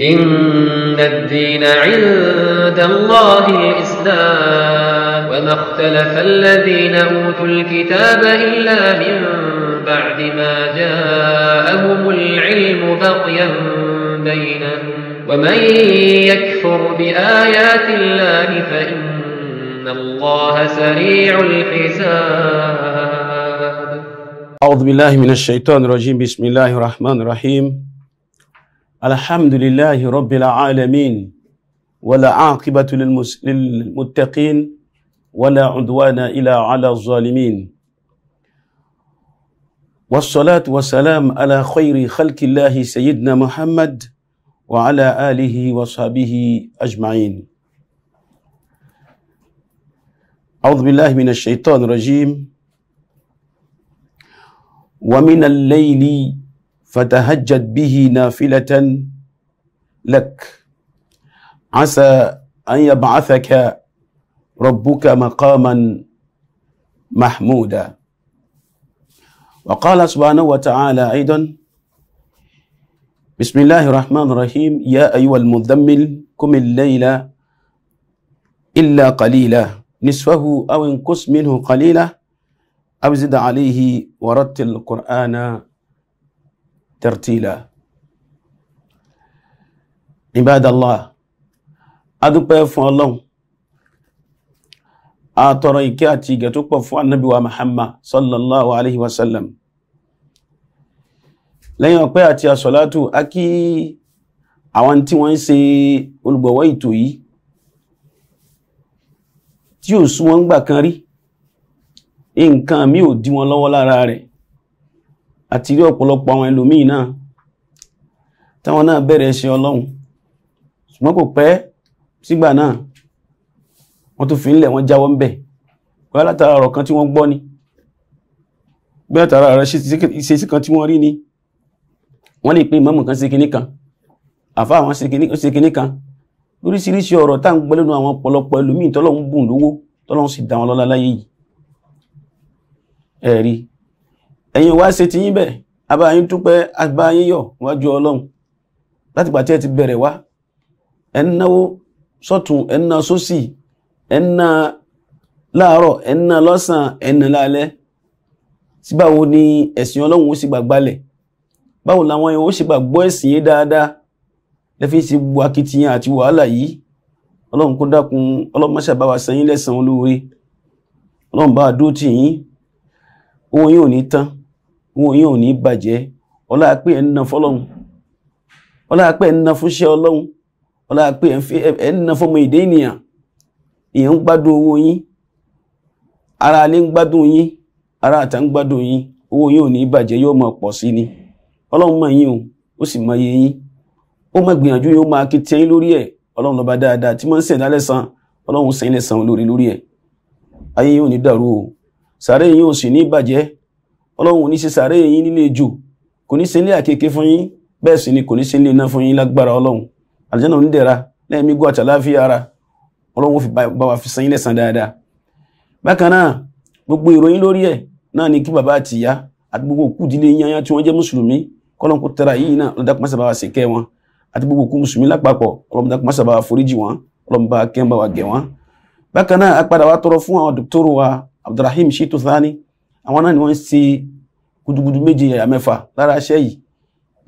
إن الدين عند الله الإسلام وما اختلف الذين أوتوا الكتاب إلا من بعد ما جاءهم العلم بغيا بينهم ومن يكفر بآيات الله فإن الله سريع الحساب أعوذ بالله من الشيطان الرجيم بسم الله الرحمن الرحيم الحمد لله رب العالمين ولا عاقبة للمتقين ولا عدوان إلا على الظالمين والصلاة والسلام على خير خلق الله سيدنا محمد وعلى آله وصحبه أجمعين أعوذ بالله من الشيطان الرجيم ومن الليل فتهجد به نافلة لك عسى أن يبعثك ربك مقاما محمودا وقال سبحانه وتعالى أيضا بسم الله الرحمن الرحيم يا أيها المذمل قم الليل إلا قليلا نصفه أو انقص منه قليلا أو زد عليه ورتل القرآن ترتيلا عباد الله adúpẹ́ fún ọlọ́run àtọ̀rọ̀ ìkẹ́ àti ìgẹ̀ tó pọ̀ fún annabi wa Muhammad sallallahu alaihi wasallam lẹ́yìn ọpẹ́ àti àsọ̀látù a kí àwọn tí wọ́n ń ṣe olùgbọ̀wọ́ ètò yìí tí ò sú wọn gbà kan rí nǹkan mi ò dí wọn lọ́wọ́ lára rẹ̀ àti rí ọ̀pọ̀lọpọ̀ àwọn ẹlòmíì náà táwọn náà bẹ̀rẹ̀ ṣe ọlọ́run ṣùgbọ́n kò pẹ́ sígbà náà wọ́n tún fi ń lẹ̀ wọ́n jáwọ́ ń bẹ̀ bóyá látara ọ̀rọ̀ kan tí wọ́n gbọ́ ni bóyá látara ọ̀rọ̀ ṣe kan tí wọ́n rí ni wọ́n lè pe ìmáàmù kan ṣe kinní kan àfa àwọn ṣe kinní kan lóríṣiríṣi ọ̀rọ̀ tá ń gbọ́ lẹ́nu àwọn ọ̀pọ̀lọpọ̀ ẹlòmíì tọ́lọ́run bùn lówó tọ́lọ́run sì dá wọn lọ́lá láyé yìí ẹ̀rí ẹ̀yin wá ṣe ti yín bẹ̀ abáyín dúpẹ́ abáyín yọ̀ wájú ọlọ́run láti gbà tí ẹ ti bẹ̀rẹ̀ wá ẹ ń náwó sọ́tún ẹ ń ná sósì ẹ ń ná láàárọ̀ ẹ ń ná lọ́sàn ẹ ń ná lálẹ́ síbáwo ni ẹ̀sìn ọlọ́run ó sì gbàgbálẹ̀ báwo làwọn èèyàn ó sì gbàgbọ́ ẹ̀sìn yé dáadáa lẹ́fí sí gbogbo akitiyan àti wàhálà yìí ọlọ́run kó dákun ọlọ́run má ṣàbá wa san yín lẹ́san olóore ọlọ́run bá dúró tì yín owó yín ní tán wọn yóò ní bàjẹ́ ọlá pé ẹ̀ ń na fọ́lọ́hun ọlá ẹ̀ ń na fúnṣẹ́ ọlọ́hun ọlá ẹ̀ ń na ara alé ń gbádùn yín ara àtà ń gbádùn yín owó ní bàjẹ́ ni ọlọ́run mọ̀ yín o ó sì mọ iye yín ó gbìyànjú yóò máa kí tiẹ́ lórí ẹ̀ ọlọ́run lọ́ba dáadáa tí máa ń sẹ̀dá lẹ́sàn ọlọ́run sẹ́yìn lẹ́sàn lórí ẹ̀ ayé yóò ní dàrú ọlọ́run ò ní ṣe sàárè yín nílé jù kò ní ṣe ilé àkeke fún yín bẹ́ẹ̀ sì ni kò ní ṣe ilé iná fún yín lágbára ọlọ́run àlùjánnà onídẹ̀ra lẹ́yìn mígú àti àláfíà ara ọlọ́run ó fi bá wa fi san yín lẹ́san dáadáa bákan náà gbogbo ìròyìn lórí ẹ̀ náà ni kí bàbá àti ìyá àti gbogbo òkú ìdílé yányá tí wọ́n jẹ́ mùsùlùmí kọ́lọ́n kó tara yìí náà ọlọ́dà kùmásà bá wa ṣe kẹ́ wọn àti gbogbo òkú mùsùlùmí lápapọ̀ ọlọ́dà kùmásà bá wa foríjì wọn ọlọ́mùbá kẹ́ ń bá wa gẹ̀ wọn. bákan náà a padà tọrọ fún àwọn dòkítọ́rù wa Abdulrahim Shitu Thani àwọn náà ni wọ́n ń ṣe gudugudu méje yàyà mẹ́fà lára iṣẹ́ yìí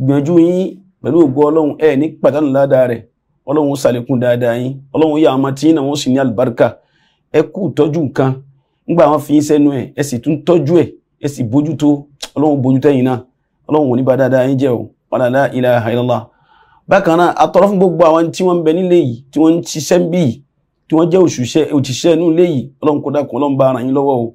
gbìyànjú yín pẹ̀lú ògo ọlọ́run ẹ̀ ní pàdánù ládàá rẹ̀ ọlọ́run ó ṣàlékún dáadáa yín ọlọ́run yà ọmọ tí yín náà wọ́n sì ní àlùbáríkà ẹ kú tọ́jú nǹkan ńgbà wọn fi yín sẹ́nu ẹ̀ ẹ sì tún tọ́jú ẹ̀ ẹ sì bójú tó ọlọ́run bójú tẹ́yìn náà ọlọ́run ò ní bá dáadáa yín jẹ́ o wàlálà ilaha illallah bákan náà atọ́rọ fún gbogbo àwọn tí wọ́n ń bẹ nílé yìí tí wọ́n ń ṣiṣẹ́ ń bí yìí tí wọ́n jẹ́ òṣìṣẹ́ inú ilé yìí ọlọ́run kó dákun ọlọ́run bá ara yín lọ́wọ́ o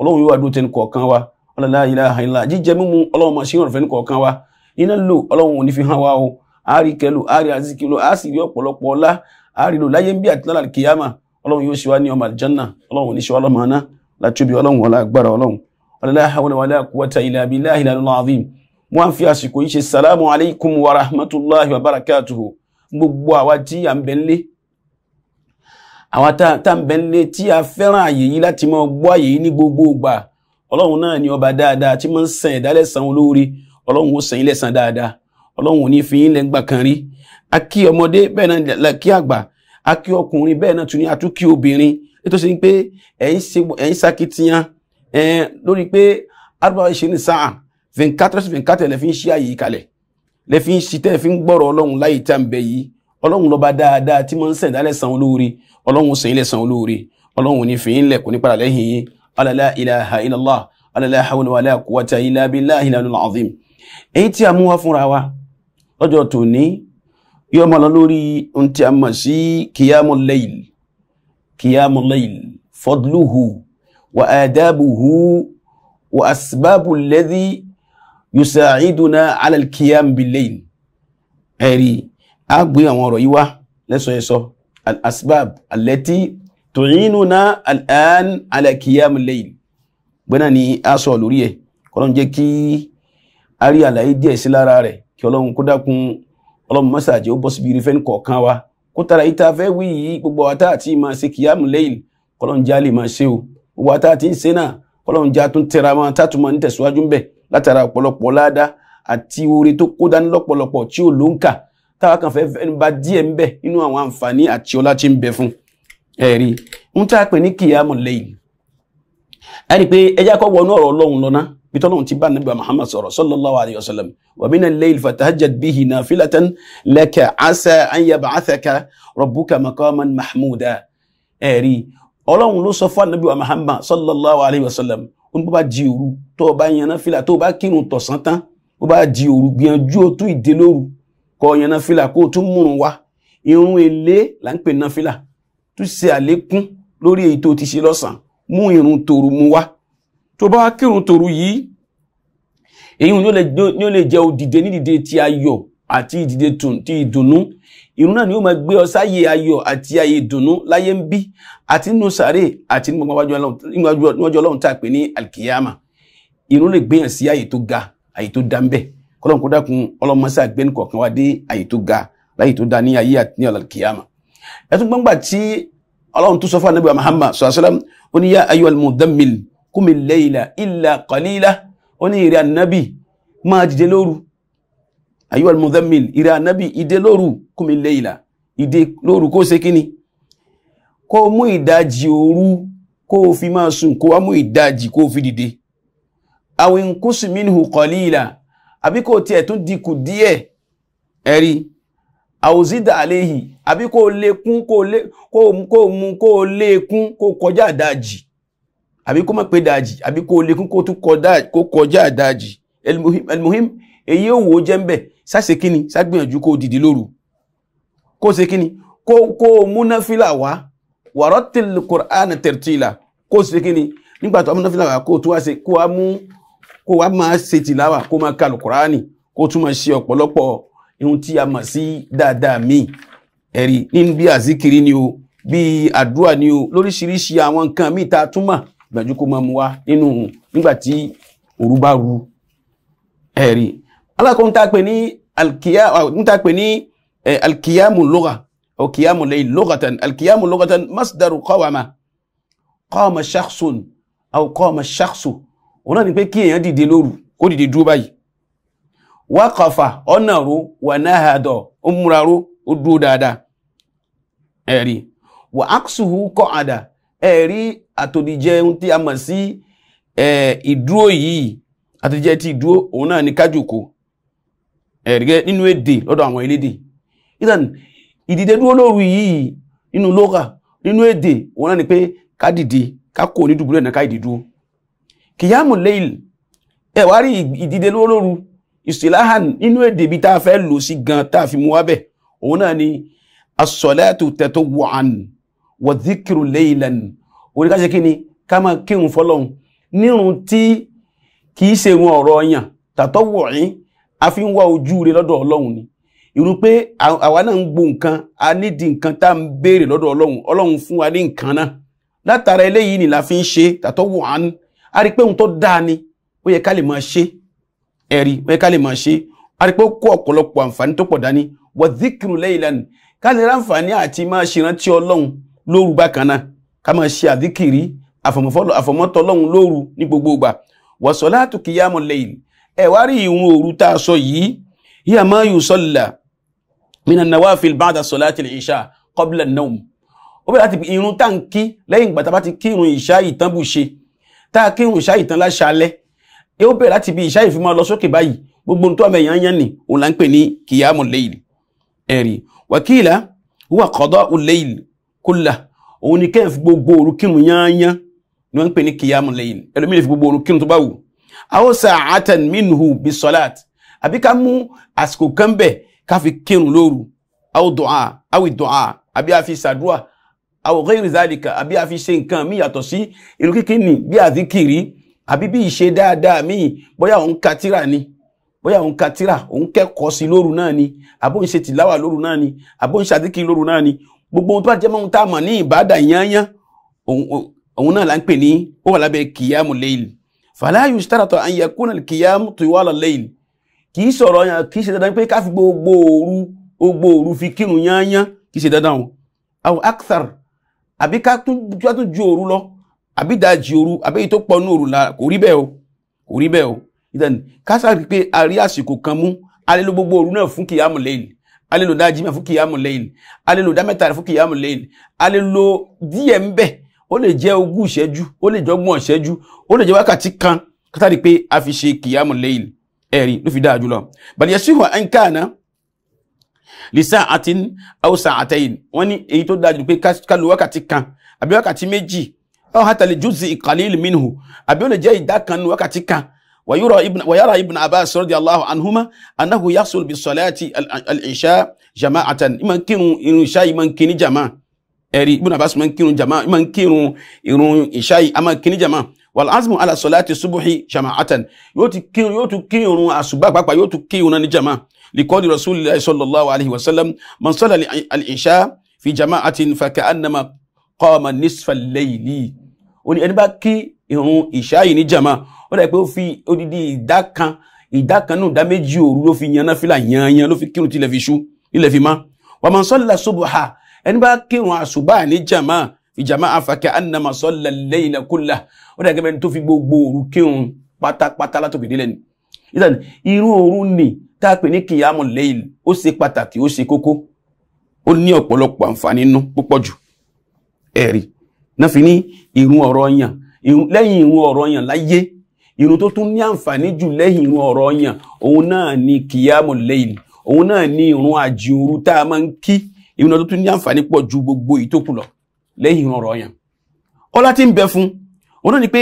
ọlọ́run yóò wá dúró tẹnu kọ̀ọ̀kan wa ọlọ́run la ilaha illallah jíjẹ mímu ọlọ́run máa ṣe ìrànlọ́fẹ́ fẹ́ni kọ̀ọ̀kan wa iná lò ọlọ́run ò ní fi hàn wá o àárí kẹlò àárí àzíkìlò á sì rí ọ̀pọ̀lọpọ̀ ọlá àárí lò láyé ń bí àti kìyàmà ọlọ́run yóò ṣe wá ní ọmọ àlìjánà ọlọ́run ò ní ṣe wá lọ́mọ aná látúbi ọlọ́run ọlá agbára ọlọ́run la àwọn tá ń bẹ tí a fẹ́ràn àyè yìí láti máa gbọ́ àyè yìí ní gbogbo ìgbà ọlọ́run náà ni ọba dáadáa tí máa ń san ẹ̀dá lẹ́san olóore ọlọ́run ó san yín lẹ́san dáadáa ọlọ́run ò ní fi yín lẹ́ngbà kan rí a kí ọmọdé bẹ́ẹ̀ náà kí àgbà a kí ọkùnrin bẹ́ẹ̀ náà tún ní atúkí obìnrin nítorí pé ẹ̀yin sakitiyan lórí pé arúgbó ṣe ní sáà vingt quatre vingt quatre lẹ́fí ń ṣe àyè kalẹ̀ lẹ́fí ń ṣitẹ́ fi ń gbọ́rọ̀ ọlọ́run ọlọ́run lọ́ba dáadáa tí mo ń sẹ̀dá lẹ́sàn olóore ọlọ́run sẹ̀yìn lẹ́sàn olóore ọlọ́run ní fi ń lẹ̀ kò ní padà lẹ́yìn yín alala ilaha illallah alala hawla wala quwwata illa billahi al-aliyyil azim èyí tí a mú wá fúnra wa lọ́jọ́ tòní yóò máa lọ lórí ohun tí a mọ̀ sí qiyamul layl qiyamul layl fadluhu wa adabuhu wa asbabu alladhi yusa'iduna ala al-qiyam bil-layl ẹ̀rí a gbé àwọn ọ̀rọ̀ yìí wá lẹ́sọ̀ẹ́sọ al-asbab allati tu'inuna al-an ala qiyam gbẹ́nà ni a sọ lórí ẹ̀ kọ́lọ́n jẹ́ kí a rí àlàyé díẹ̀ sí lára rẹ̀ kí ọlọ́run kó dákun ọlọ́run mọ́sàájì ó bọ́ síbi irúfẹ́ kọ̀ọ̀kan wa kó tara ìta fẹ́ wí yìí gbogbo àtà àti máa ṣe qiyam al-layl kọ́lọ́n já lè máa ṣe o gbogbo àtà àti ń ṣe náà kọ́lọ́n já tún tẹra máa tátùmọ̀ nítẹ̀síwájú ń bẹ̀ látara ọ̀pọ̀lọpọ̀ ládàá àti oore tó kó dání lọ́pọ̀lọpọ̀ tí ò ló ń kà táwa kan fẹ́ fẹ́ ba díẹ̀ ń bẹ nínú àwọn àǹfààní àti ọlá tí ń bẹ fún ẹ̀rí ń tá a pè ní kìyàmù lẹ́yìn a rí i pé ẹjá kọ́ wọnú ọ̀rọ̀ ọlọ́run lọ́nà bí tọ́lọ́run ti bá nàbí Muhammad sọ̀rọ̀ sallallahu alayhi wa sallam wa mina al-layl fatahajjad bihi nafilatan laka asa an yab'athaka rabbuka maqaman mahmuda ẹ̀rí ọlọ́run ló sọ fún ànábì wa Muhammad sallallahu wa sallam ó ní bá di òru tó o bá yan náfìlà tó o bá kírun tọ̀sán tán bó bá di òru gbìyànjú o tún ìdè lóru kó yan náfìlà kó tún múrun wá irun èlé là ń pè náfìlà tún ṣe àlékún lórí èyí tó ti ṣe lọ́sàn mú irun tòru mu wá tó bá wá kírun tòru yìí èyí ni ó lè jẹ́ òdìdé nídìde ti ayọ̀ àti ìdìde ti ìdùnnú irun náà ni ó máa gbé ọ sáyé ayọ̀ àti ayé ìdùnnú láyé ń bí àti nínú sàárè àti nínú gbogbo ọjọ́ ọlọ́run tá a pè ní alkiyama irun lè gbéyàn sí ayé tó ga ayé tó dá ń bẹ́ẹ̀ kọlọ́n kó dákun ọlọ́mọṣẹ́ àgbẹ̀ni kọ̀ọ̀kan wá dé àyè tó ga láyè tó da ní ayé àti ní ọ̀làkìyàmà ẹtún gbọ́ngbà tí ọlọ́run tó sọ fún anábìyà Muhammad sọ̀rọ̀sọ́lá ó ní yá ayyuhal muddammil qumil layla illa qalila ó ní ìrẹ́ anábì máa dìde lóru ayyuhal muddammil ìrẹ́ anábì ìdè lóru qumil layla ìdè lóru kó ṣe kíni kó mú ìdajì òru kó fi máa sùn kó wá mú ìdajì kó fi dìde awin qus minhu àbí kò tiẹ̀ tún dikù díẹ̀ ẹ̀rí àwòsídà àléhì àbí kò lékún kò mú kò lékún kò kọjá àdájì àbí kò má pé dájì àbí kò lékún kò tún kọjá àdájì elmuhim èyí òwò jẹ́ ń bẹ̀ sáṣe kíni ságbìyànjú kò dìdí lóru kò ṣe kíni kò múnáfílà wá wàrọ́tìl kùránà tẹ̀rtìlà kò ṣe kíni nígbà tó múnáfílà wá kò tún wá ṣe kó wá mú kó wá máa ṣe tìláwà kó máa ka alukurani kó tún máa ṣe ọ̀pọ̀lọpọ̀ irun tí a mọ̀ sí dáadáa míì ẹ̀rí ní bí àzíkiri ni o bí àdúrà ni o lóríṣiríṣi àwọn nǹkan míì tá a tún mọ̀ gbàjú kó máa mu wá nínú nígbà tí òru bá ru ẹ̀rí alákòóhun tá a pè ní alkiyamu lugha أو قيام الليل لغة القيام لغة مصدر قوامة قام شخص أو قام الشخص òun náà ni pé kí èèyàn dìde lóru kó dìde dúró báyìí wákọ̀fà ọ̀nà ro wà náà àdọ̀ ó múra ro ó dúró dáadáa ẹ̀rí wà áksùhù kọ́ àdà ẹ̀rí àtòdìjẹ ohun tí a mọ̀ sí ìdúró yìí àtòdìjẹ ti ìdúró òun náà ni kájòkó ẹ̀rí gẹ́ nínú èdè lọ́dọ̀ àwọn elédè ìtàn ìdìde dúró lóru yìí nínú lóra nínú èdè òun náà ni pé ká dìde ká kò ní náà ká ìdìdúró kìyàmù leil ẹ̀wárí ìdìde lóru ìsìláhàn nínú èdè bí tá a fẹ́ lò sí gan tá a fi mú wábẹ̀ òun náà ni asọ̀lẹ́tù tẹ̀tọ̀ wọ̀n wọ̀ díkìrù leilan oríkàṣe kí ni ká máa kírun fọlọ́hun nírun tí kìí ṣe wọn ọ̀rọ̀ ọyàn tàtọ̀ wọ̀nyí a fi ń wá ojú rẹ lọ́dọ̀ ọlọ́run ni irú pé àwa náà ń gbo nǹkan a nídi nǹkan tá à ń béèrè lọ́dọ̀ ọlọ́run ọlọ́run fún wa ní nǹkan náà látara eléyìí ni la fi ń ṣe tàtọ̀ wọ̀n a rí pé ohun tó dáa ni ó yẹ ká lè máa ṣe ẹ̀rí ó yẹ ká lè máa ṣe a rí pé ó kó ọ̀pọ̀lọpọ̀ àǹfààní tó pọ̀ dání wa dhikru laylan ká lè ráǹfààní àti máa ṣèrántí ọlọ́run lóru bákan náà ká máa ṣe àdíkìrí àfọ̀mọ́tọ́ ọlọ́run lóru ní gbogbo ìgbà wa salatu qiyamul layl ẹ̀ wá rí ìrun òru tá a sọ yìí hiya ma yusalla mina nawafil ba'da salati al-isha qabla an-nawm ó bẹ̀rẹ̀ láti irun tá à ń kí lẹ́yìn ìgbà tá a bá ti kírun ìṣá ìtànbù ṣe tá a kírun ìṣáì tán láṣálẹ́ yóò bẹ̀rẹ̀ láti bí ìṣáì fi máa lọ sókè báyìí gbogbo ohun tó àmì èèyàn yàn ní òun là ń pè ní kìyàmù lẹ́yìn ẹ̀rí wàkìlá wà kọ́dọ̀ lẹ́yìn kólà òun ni kẹ́hìn fi gbogbo òru kírun yányán ni wọ́n ń pè ní kìyàmù lẹ́yìn ẹlòmíì lè fi gbogbo òru tó bá wù. àwọn sàátàn minhu bí sọlát àbí ká mú àsìkò kan bẹ̀ ká fi kírun lóru àwọn àbí àfi sàdúà àwòkọ́ ìrìzálìkà àbí a fi ṣe nǹkan mí yàtọ̀ sí irú kíkíní bí àzíkìrí àbí bí ìṣe dáadáa míì bóyá òun ka tírà ni bóyá òun ka tírà òun kẹ́kọ̀ọ́ sí lóru náà ni àbó ń ṣe tìláwà lóru náà ni àbó ń ṣàdíkì lóru náà ni gbogbo ohun tó bá jẹ́ mọ́hun tá a mọ̀ ní ìbáàdà yányán òun náà là ń pè ní ó wà lábẹ́ kìyàmù léyìl fala yushtaratu an yakuna kìyàmù tiwala léyìl kì í sọ̀rọ̀ yàn kì í ṣe dandan pé ká fi gbogbo òru gbogbo òru fi kírun yányán kì í ṣe dandan o àwọn akthar àbí ká tún ju òru lọ àbí ìdajì òru àbí èyí tó pọ̀ ní òru la kò rí bẹ́ẹ̀ o kò rí bẹ́ẹ̀ o ìdánì kásá pé a rí àsìkò kan mú a lè lo gbogbo òru náà fún kìyàmù lẹ́yìn a lè lo dá jimá fún kìyàmù lẹ́yìn a lè lo dá mẹ́ta fún kìyàmù lẹ́yìn a lè lo díẹ̀ ń bẹ̀ ó lè jẹ́ ogún ìṣẹ́jú ó lè jẹ́ ọgbọ̀n ìṣẹ́jú ó lè jẹ́ wákàtí kan kátàrí pé a fi ṣe kìyàmù lẹ́yìn ẹ̀rí ló fi dáa jùlọ bàlẹ̀ yẹsùn àǹkà lisa atin hausa atayin wọ́n ní èyí tó dájú pé kálu wákàtí kan àbí wákàtí méjì aw hata li juz'i qalil minhu àbí ó lè jẹ́ ìdá kan wákàtí kan wayura ibn wayara ibn abbas radiyallahu anhuma annahu yahsul bi salati al-isha jama'atan iman kinu irun isha iman kini jama eri ibn abbas man kinu jama iman kinu irun isha iman kini jama wal azmu ala salati subhi yóò ti kinu yóò tu kinu àsùbá pàápàá yóò tu kinu ní jama لقول رسول الله صلى الله عليه وسلم من صلى العشاء في جماعة فكأنما قام نصف الليل ó ní ẹni bá kí ìrun ìṣá yìí ní jàmá ó dà pé ó fi odidi ìdá kan ìdá kan nù ìdá méjì òru ló fi yan náfìlà yanyan ló fi kírun tilẹ̀ fi ṣú ilẹ̀ fi má wa man salla subha ẹni bá kírun àṣùbà ní jàmá fi jàmá faka annama salla al-layla kullah ó dà gẹ́gẹ́ bẹ́ni tó fi gbogbo òru kírun pátápátá látòkè délẹ̀ ni ìrun òru ni tá a pè ní kìyàmù lẹ́yìn ó ṣe pàtàkì ó ṣe kókó ó ní ọ̀pọ̀lọpọ̀ àǹfààní nú púpọ̀ jù ẹ̀rí náà fi ní ìrun ọ̀rọ̀ yàn lẹ́yìn ìrun ọ̀rọ̀ yàn láyé ìrun tó tún ní àǹfààní jù lẹ́yìn ìrun ọ̀rọ̀ yàn òun náà ni kìyàmù lẹ́yìn òun náà ni ìrun àjìòru tá a máa ń kí ìrun tó tún ní àǹfààní pọ̀ ju gbogbo ìtókù lọ lẹ́yìn ìrun ọ̀rọ̀ yàn ọlá tí ń bẹ fún òun náà ni pé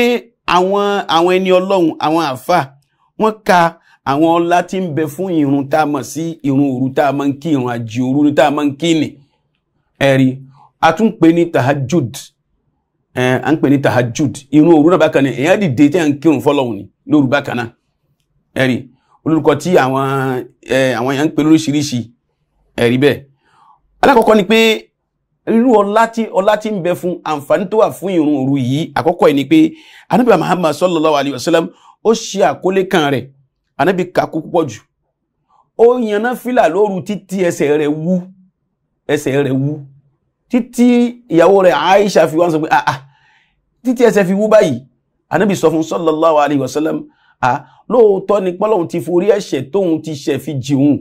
àwọn àwọn ẹni ọlọ́run àwọn àfà wọ́n ka àwọn ọlá tí ń bẹ fún irun tá a mọ̀ sí irun òru tá a máa ń kí irun àjì òru tá a máa ń kí ni ẹ̀rí a tún pè ní tahajud à ń pè ní tahajud irun òru náà bákan ni èèyàn dìde tí à ń kírun fọlọ́hún ni lóru bákan náà ẹ̀rí olùkọ́ tí àwọn àwọn èèyàn ń pè lóríṣiríṣi ẹ̀rí bẹ́ẹ̀ alákọ̀ọ́kọ́ ni pé irú ọlá tí ọlá tí ń bẹ fún àǹfààní tó wà fún irun òru yìí àkọ́kọ́ ẹ̀ ni pé anábìyà Muhammad sallallahu alayhi wa sallam ó ṣe àkólé kan rẹ̀ anábì kakú púpọ̀ jù ó yanná fìlà lóru títí ẹsẹ̀ rẹ̀ wú ẹsẹ̀ rẹ̀ wú títí ìyàwó rẹ̀ Aisha fi wọ́n sọ pé àà ah, ah, títí ẹsẹ̀ fi wú báyìí anábì sọ fún sallallahu alayhi wa sallam à ah, lóòótọ́ ni pọ́lọ́hun ti forí ẹ̀ṣẹ̀ tóun ti ṣẹ̀ fi jìun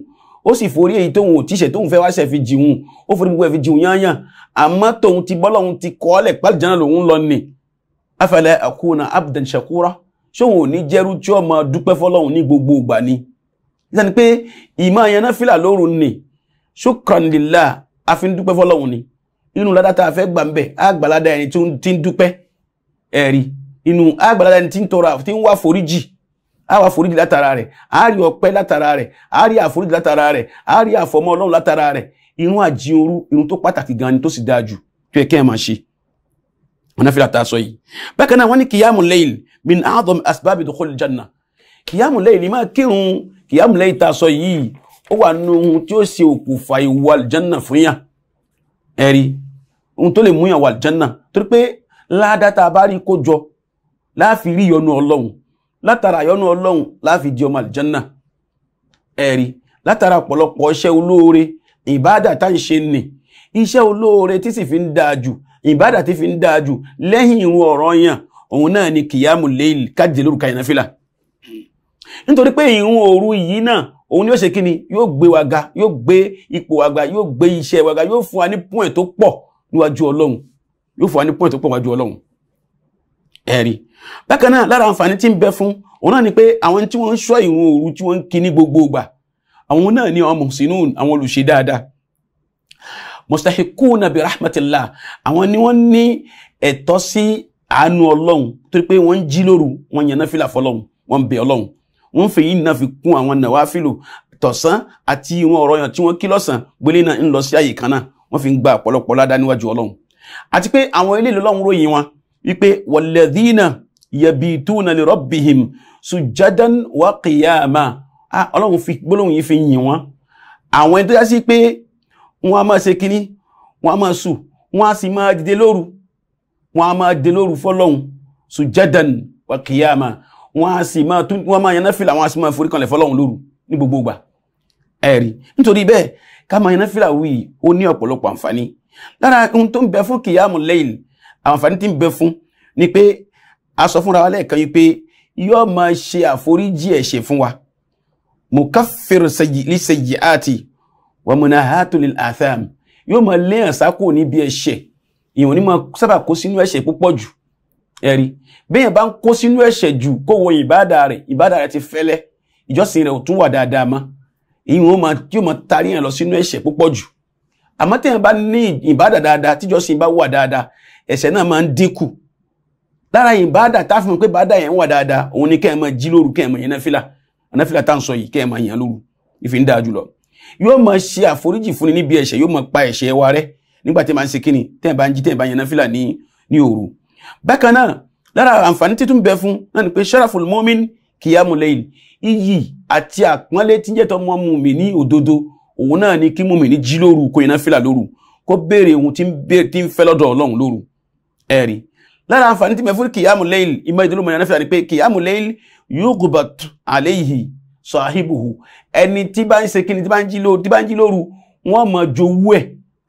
ó sì forí èyí tóun ò tíṣẹ̀ tóun fẹ́ wá ṣẹ̀ fi jìun ó forí gbogbo ẹ̀ fi jìun yányàn àmọ́ tóun ti bọ́lọ́hun ti kọ́ pálí jẹ́nà lòun lọ nì afala akuna abdan shakura ṣóhun ò ní jẹ́rú tí ó máa dúpẹ́ fọ́lọ́hun ní gbogbo ìgbà ni lẹ́ni pé ìmọ̀ àyàn náà fìlà lóru ni ṣókànlélà a fi ń dúpẹ́ fọ́lọ́hun ni inú ládá tá a fẹ́ gbà ń bẹ̀ àgbàládá ẹni tí ń dúpẹ́ ẹ̀rí inú àgbàládá ẹni tí ń tọrọ tí ń wá foríjì a wà foríjì látara rẹ̀ a rí ọpẹ́ látara rẹ̀ a rí àforíjì látara rẹ̀ a rí àfọmọ́ ọlọ́run látara rẹ̀ irun àjíorú irun tó pàtàkì gan ni tó sì dáa jù tó yẹ kẹ́ ẹ̀ máa ṣe náfílà tá a sọ yìí bákan náà wọ́n ní kìyàmù lẹ́yìn min a'dham asbab dukhul janna kìyàmù lẹ́yìn ni máa kírun kìyàmù lẹ́yìn tá a sọ yìí ó wà nínú ohun tí ó ṣe òkùnfà ìwà aljanna fún yàn ẹ̀rí ohun tó lè mú yàn wà aljanna torí pé ládàá tá a bá rí kó jọ láàfi rí yọnu ọlọ́run látara yọnu ọlọ́run láàfi di ọmọ aljanna ẹ̀rí látara ọ̀pọ̀lọpọ̀ iṣẹ́ olóore ìbáàdà tá ń ṣe nì iṣẹ́ olóore tí sì fi ń dáa jù ìbádà tí fi ń dáa jù lẹ́yìn irun ọ̀rọ̀ yàn òun náà ni kìyàmù léèlì kájìdé lóru kàyìn náfìlà nítorí pé irun òru yìí náà òun ni ó ṣe kíni yóò gbé wa ga yóò gbé ipò wa ga yóò gbé iṣẹ́ wa ga yóò fún wa ní point tó pọ̀ níwájú ọlọ́run yóò fún wa ní point tó pọ̀ níwájú ọlọ́run ẹ̀rí bákan náà lára àǹfààní tí ń bẹ fún òun náà ni pé àwọn tí wọ́n ń ṣọ́ ìrun òru tí wọ́n ń kí gbogbo ìgbà àwọn náà ni ọmọ sínú àwọn olùṣe dáadáa mustahikuna bi rahmatillah àwọn ni wọ́n ní ẹ̀tọ́ sí àánú ọlọ́run torí pé wọ́n ń jí lóru wọ́n yàn náfìlà fọlọ́run wọ́n ń bẹ ọlọ́run wọ́n ń fèyí náà fi kún àwọn nàwáfìlù tọ̀sán àti ìwọ̀n ọ̀rọ̀ yàn tí wọ́n kí lọ́sàn gbélé náà ń lọ sí àyè kan náà wọ́n fi ń gba ọ̀pọ̀lọpọ̀ ládá níwájú ọlọ́run àti pé àwọn ilé ìlọ́run ròyìn wọn wípé walladhina yabituna li rabbihim sujjadan wa qiyama ah, ọlọ́run fi gbólóhùn yìí fi yìn wọn àwọn ẹni tó yá sí pé wọ́n a máa ṣe kíní wọ́n a máa sù wọ́n a sì máa dìde lóru wọ́n a máa dìde lóru fọ́lọ́hun sujadan wa qiyama wọ́n a sì máa tún wọ́n máa yan náfìlà wọ́n a sì máa forí kanlẹ̀ fọ́lọ́hun lóru ní gbogbo ìgbà ẹ̀rí nítorí bẹ́ẹ̀ ká máa yan náfìlà wí ó ní ọ̀pọ̀lọpọ̀ àǹfààní lára ohun tó ń bẹ fún qiyamul layl àǹfààní tí ń bẹ fún ni pé a sọ fúnra wa lẹ́ẹ̀kan yìí pé yóò máa ṣe àforíjì ẹ̀ṣẹ̀ fún wa mukaffir sayyi'ati wàmúnà hàtòlì àfẹ́m yóò máa léèyàn sákò níbi ẹ̀ṣẹ̀ èèyàn ní máa sábà kó sínú ẹ̀ṣẹ̀ púpọ̀ jù ẹ̀rí béèyàn bá ń kó sínú ẹ̀ṣẹ̀ jù kó wo ìbádà rẹ̀ ìbádà rẹ̀ ti fẹ́lẹ́ ìjọsìn rẹ̀ ò tún wà dáadáa mọ́ èèyàn yóò máa tarí yàn lọ sínú ẹ̀ṣẹ̀ púpọ̀ jù àmọ́ téèyàn bá ní ìbádà dáadáa tíjọsìn bá wà dáadáa ẹ̀ṣẹ̀ náà máa ń dínkù lára ìbádà tá mọ̀ pé bádà yẹn wà dáadáa òun ni kẹ́ ẹ̀ jí lóru kẹ́ ẹ̀ máa yẹn náfìlà náfìlà tá à ń sọ yìí kẹ́ ẹ̀ yẹn lóru ìfi ń dáa jùlọ yóò máa ṣe àforíjì fúnni níbi ẹ̀ṣẹ̀ yóò máa pa ẹ̀ṣẹ̀ wa rẹ́ nígbà tí ẹ máa ń ṣe kíni tẹ́ ẹ bá ń jí tẹ́ ẹ bá yan náfìlà ní ní òru bákan náà lára àǹfààní títún bẹ fún náà ni pé sharaful mu'min kiyamu layl iyì àti àpọ́nlé tí ń jẹ́ tọmọ mùmí ní òdodo òun náà ni kí mùmí ní jí lóru kó yan náfìlà lóru kó béèrè ohun tí ń fẹ́ lọ́dọ̀ Ọlọ́run lóru ẹ̀rí lára àǹfààní tí mẹ́fún kiyamu layl ìmọ̀ ìdúró mọ̀ yan náfìlà ni pé kiyamu layl yughbat alayhi sahibuhu ẹni tí bá ń ṣe kíni tí bá ń jí lóru tí bá ń jí lóru wọ́n mọ̀ jowú ẹ̀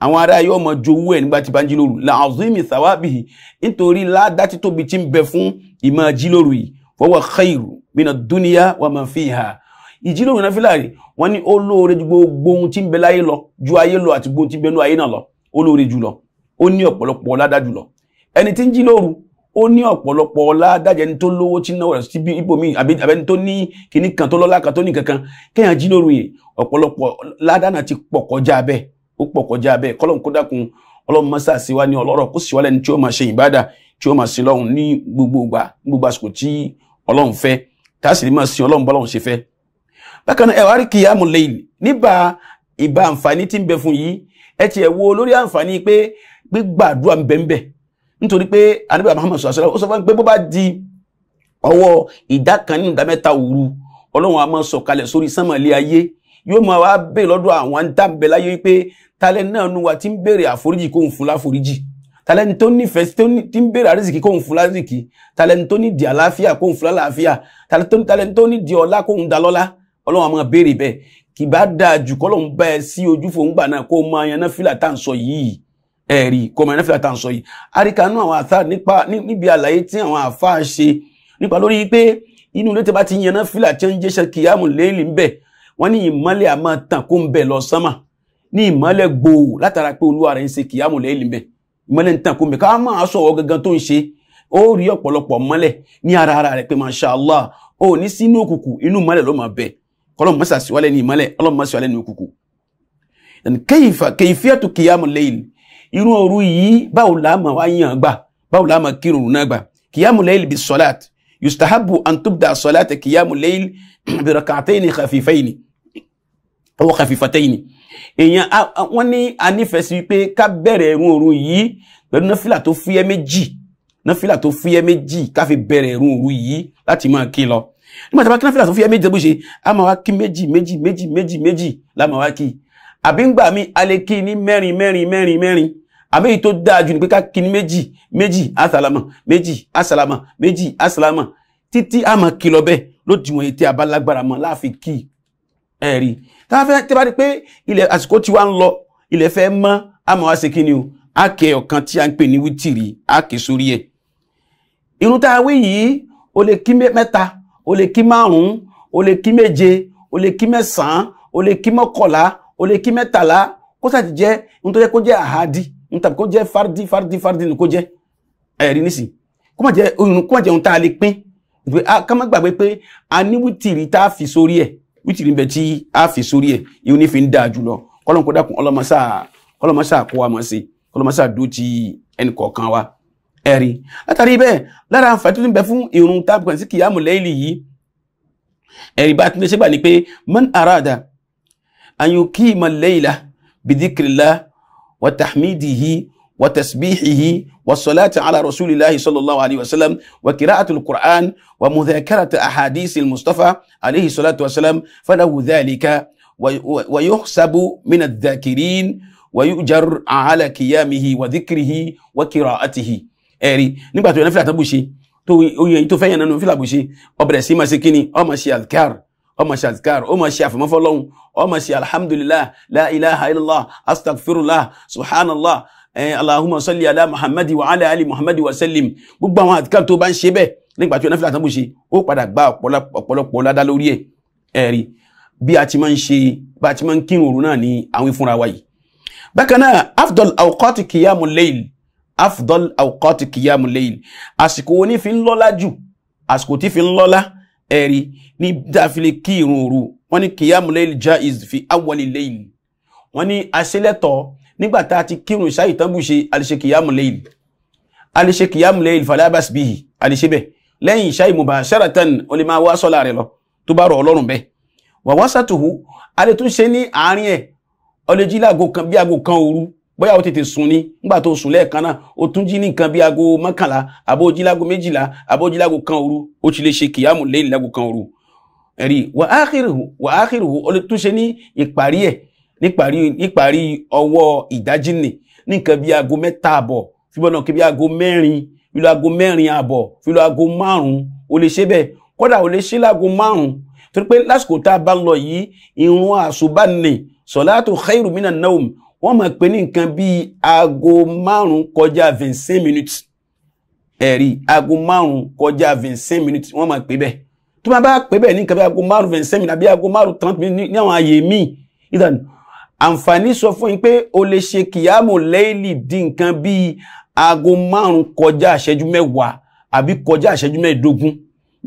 àwọn ará yóò mọ̀ jowú ẹ̀ nígbà tí bá ń jí lóru làzimi thawabihi nítorí ládàtí tóbi tí ń bẹ fún ìmọ̀ jí lóru yìí fọwọ́ khairu mina dúníyà wa man fiha ìjí lóru náà fílà rí wọ́n ní olóore ju gbogbo ohun tí ń bẹ láyé lọ ju ayé lọ àti gbogbo ohun tí ń bẹ nú ayé náà lọ olóore jù ó ní ọ̀pọ̀lọpọ̀ ládàá lọ ẹni tí ń jí lóru ó ní ọ̀pọ̀lọpọ̀ ọlá dájẹ́ ní tó lówó tí náwó rẹ̀ sí bí ibòmí àbẹ́ni tó ní kíní kan tó lọ́lá kan tó ní kankan kéèyàn jí lóru yìí ti pọ̀ kọjá bẹ́ẹ̀ ó pọ̀ kọjá bẹ́ẹ̀ kọ́lọ́n kó dákun ọlọ́run mọ́sá sí wa ní ọlọ́rọ̀ kó sì wá lẹ́ni tí ó máa ṣe ìbádà tí ó máa lọ́run ní gbogbo ìgbà gbogbo àsìkò tí sì máa sin ọlọ́run nítorí pé anábíà Muhammad sọ̀rọ̀ sọ̀rọ̀ ó sọ fún pé bó bá di ọwọ́ ìdá kan nínú ìdá mẹ́ta òru ọlọ́run a máa sọ̀kalẹ̀ sórí sánmọ̀lé ayé yóò máa wá bè lọ́dọ̀ àwọn dábẹ̀ láyé wípé talẹ́ náà nu wa ti ń béèrè àforíjì kóhun fún láforíjì talẹ́ni tó nífẹ̀ẹ́ tí ń béèrè àrísìkí kóhun fún lárísìkí talẹ́ni tó ní di àlàáfíà kóhun fún láàáfíà talẹ́ni tó ní di ọlá kóhun da lọ́lá ọlọ́run a máa béèrè bẹ́ẹ̀ kì bá dáa jù kọ́lọ́run bá ẹ sí ojú fòun gbà náà kó máa yan náà fìlà tá à ń sọ yìí ẹ̀rí kọmọ̀rin fìlà tà ń sọ yìí àríkanú àwọn àtà nípa níbi àlàyé tí àwọn àfà ṣe nípa lórí pé inú ilé tí bá ti yan náà fìlà tí ó ń jẹ́ṣẹ́ kìyàmù léèlì ń bẹ̀ wọ́n ní ìmọ́lẹ̀ àmọ́ tàn kó ń bẹ̀ lọ sánmà ní ìmọ́lẹ̀ gbòò látara pé olúwa rẹ̀ ń ṣe kìyàmù léèlì ń bẹ̀ ìmọ́lẹ̀ ń tàn kó ń bẹ̀ ká máa sọ̀rọ̀ gangan tó ń ṣe ó rí ọ̀pọ̀lọpọ̀ mọ́lẹ̀ ní ara ara rẹ̀ pé masha Allah ó ní sínú òkùnkùn inú mọ́lẹ̀ ló máa bẹ̀ kọlọ́mù mọ́sàsíwálẹ̀ ní ìmọ́lẹ̀ ọlọ́mù ní òkùnkùn. kayfa kayfiyatu qiyamul layl irú òru yìí báwo la máa wá yàn gbà báwo la máa kírun náà gbà kìyàmù layl bi sọláàt yustahabu an tubda sọláàt kìyàmù layl bi rak'atayni khafifayni aw khafifatayni èèyàn wọ́n ní anífẹ̀ẹ́ sí pé ká bẹ̀rẹ̀ irun òru yìí pẹ̀lú náfìlà tó fúyẹ́ méjì náfìlà tó fúyẹ́ méjì ká fi bẹ̀rẹ̀ irun òru yìí láti máa kí lọ nígbà tí a bá kí náfìlà tó fúyẹ́ méjì àbí ń gbà mí a lè kí ní mẹ́rin mẹ́rin mẹ́rin mẹ́rin àbí èyí tó dáa jù ní pé ká kí ní méjì méjì àsàlámà méjì àsàlámà méjì àsàlámà títí àmọ́ kí lọ bẹ́ẹ̀ ló dìwọ̀n ètè àbálágbára mọ́ láàfin kí ẹ̀rí táfẹ́ tí bá rí pé ilẹ̀ àsìkò tí wá ń lọ ilẹ̀ fẹ́ mọ́ àmọ́ wá ṣe kí ni o á kẹ ọ̀kan tí a ń pè ní wítìrì á sórí ẹ̀ irun tá a wí yìí o lè kí mẹ́ta o lè kí márùn-ún o lè kí méje o lè kí mẹ́sàn-án o lè kí mọ́kànlá o lè kí mẹ́tàlá kó sàti jẹ́ ohun tó jẹ́ kó jẹ́ àhádì tàbí kó jẹ́ fardí fardí fardí ni kó jẹ́ ẹ̀rí nísì kó má jẹ́ ohun kó má jẹ́ ohun tá a lè pín ká má gbàgbé pé a ní wítìrì tá a fi sórí ẹ̀ wítìrì bẹ tí a fi sórí ẹ̀ yìí ní fi ń dáa jùlọ kọ́lọ́n kó dákun ọlọ́mọṣà kó wa mọ̀ sí kọ́lọ́mọṣà dó ti ẹnì kọ̀ọ̀kan wa ẹ̀rí látàrí bẹ́ẹ̀ lára àǹfààní tó ń bẹ أن يقيم الليلة بذكر الله وتحميده وتسبيحه والصلاة على رسول الله صلى الله عليه وسلم وقراءة القرآن ومذاكرة أحاديث المصطفى عليه الصلاة والسلام فله ذلك ويحسب من الذاكرين ويؤجر على قيامه وذكره وقراءته أري nígbà tó yẹn fílà tó bù ṣe tó yẹn tó fẹ́ yẹn nínú fílà bù ọmọ ṣe azkar ọmọ ṣe àfọmọ́fọ́lọ́hun ọmọ ṣe alhamdulillah la ilaha illallah astaghfirullah subhanallah allahumma salli ala muhammadi wa ala ali muhammadi wa sallim gbogbo àwọn azkar tó bá ń ṣe bẹ́ẹ̀ nígbà tí ó náfìlà tán bó ṣe ó padà gba ọ̀pọ̀lọpọ̀ ládá lórí ẹ̀ ẹ̀rí bí a ti máa ń ṣe bá a ti máa ń kín òru náà ní àwọn ìfúnra wa yìí bákan náà afdol awqati kiyamu leil afdol awqati kiyamu leil àsìkò wo lọ́lá jù àsìkò tí fi ń lọ́lá ẹ̀rí Ni dáfilé kí irun òru wọ́n ní kìyàmù layl jaiz fi awwali layl wọ́n ní aṣẹ́lẹ́tọ̀ nígbà tá a ti kírun ṣáà ìtànbù ṣe àlèṣe kìyàmù layl àlèṣe kìyàmù layl falabas bihi àlèṣe bẹ́ẹ̀ lẹ́yìn ṣáà mubasharatan ó lè máa wá sọ́lá rẹ̀ lọ tó bá rọ ọlọ́run bẹ́ẹ̀ wà wásàtùhù a lè tún ṣe ní àárín kan bí aago kan òru bóyá o tètè sùn ni nígbà tó sùn lẹ́ẹ̀kan náà o tún jí ní nǹkan bí aago mọ́kànlá àbójílágo méjìlá àbójílágo kan òru o ti lè ṣe kìyàmù lẹ́yìn lágo kan òru ẹ̀rí wà áàkìrìhù wà áàkìrìhù ó lè tún ṣe ní ìparí ẹ̀ níparí ọwọ́ ìdájí nì ní nǹkan bí aago mẹ́ta àbọ̀ fíbọn náà kí bí aago mẹ́rin fílọ aago mẹ́rin àbọ̀ fílọ aago márùn-ún ó lè ṣe bẹ́ẹ̀ kódà ó lè ṣe láago márùn torí pé lásìkò tá a bá lọ yìí ìrun àṣùbà nì sọ̀látò khairu naum wọ́n máa pè ní nǹkan bí aago márùn kọjá vingt-cinq minutes ẹ̀rí aago márùn-ún kọjá vingt-cinq minutes wọ́n máa pè bẹ́ẹ̀ tó bá bá pẹ́ bẹ́ẹ̀ ní nǹkan bí aago márùn vẹ̀nsẹ́mì àbí aago márùn tán ní àwọn ààyè míì ìdàn àǹfààní sọ fún yín pé o lè ṣe kìyàmù lẹ́ẹ̀lì di nǹkan bíi aago márùn kọjá ìṣẹ́jú mẹ́wàá àbí kọjá ìṣẹ́jú mẹ́ẹ̀ẹ́dógún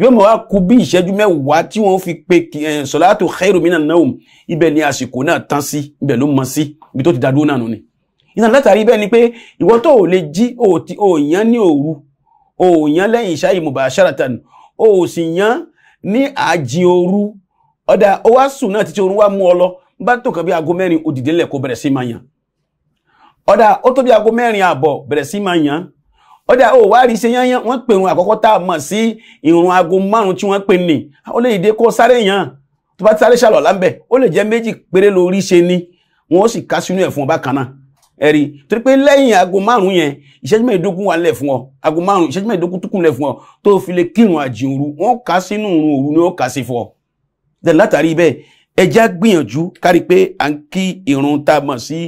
yóò mọ̀ wá kù bí ìṣẹ́jú mẹ́wàá tí wọ́n fi pe eh, sọ̀látò khairu minan naum ibẹ̀ ni àsìkò náà tán sí ibẹ̀ ló mọ sí ibi tó ti dádúró náà nù ni ìtàn látàrí bẹ́ẹ̀ ni pé ìwọ tó ò lè jí òòyàn ní òru òòyàn lẹ́yìn ìṣáyìí mubasharatan òòsì yàn Ni àjìn òru ọ̀dà ó wa sùn náà títí orun wá mú ọ lọ bá tó kan bí aago mẹ́rin òdìdí lẹ̀ kó bẹ̀rẹ̀ sí máa yàn ọ̀dà ó tó bí aago mẹ́rin àbọ̀ bẹ̀rẹ̀ sí máa yàn ọ̀dà ó wá rí ṣe yányán wọ́n pè irun àkọ́kọ́ tá a mọ̀ sí irun aago márùn-ún tí wọ́n pè ní ó lè dé kó sáré yàn tó bá ti sáré ṣàlọ̀ láńbẹ̀ ó lè jẹ́ méjì péré lórí ṣe ni wọ́n ó sì ká sínú ẹ̀ fún ọba kan náà ẹ̀rí torí pé lẹ́yìn aago márùn-ún yẹn ìṣẹ́jú mẹ́ẹ̀ẹ́dógún wà lẹ̀ fún ọ aago márùn-ún ìṣẹ́jú mẹ́ẹ̀ẹ́dógún tó kún lẹ̀ fún ọ tó fi lè kírun àjìnrú wọn kà á sínú òrùn òru ni ó kà á sí fún ọ. dẹ̀ látàrí bẹ́ẹ̀ ẹja gbìyànjú kárí pé à ń kí ìrun tá a mọ̀ sí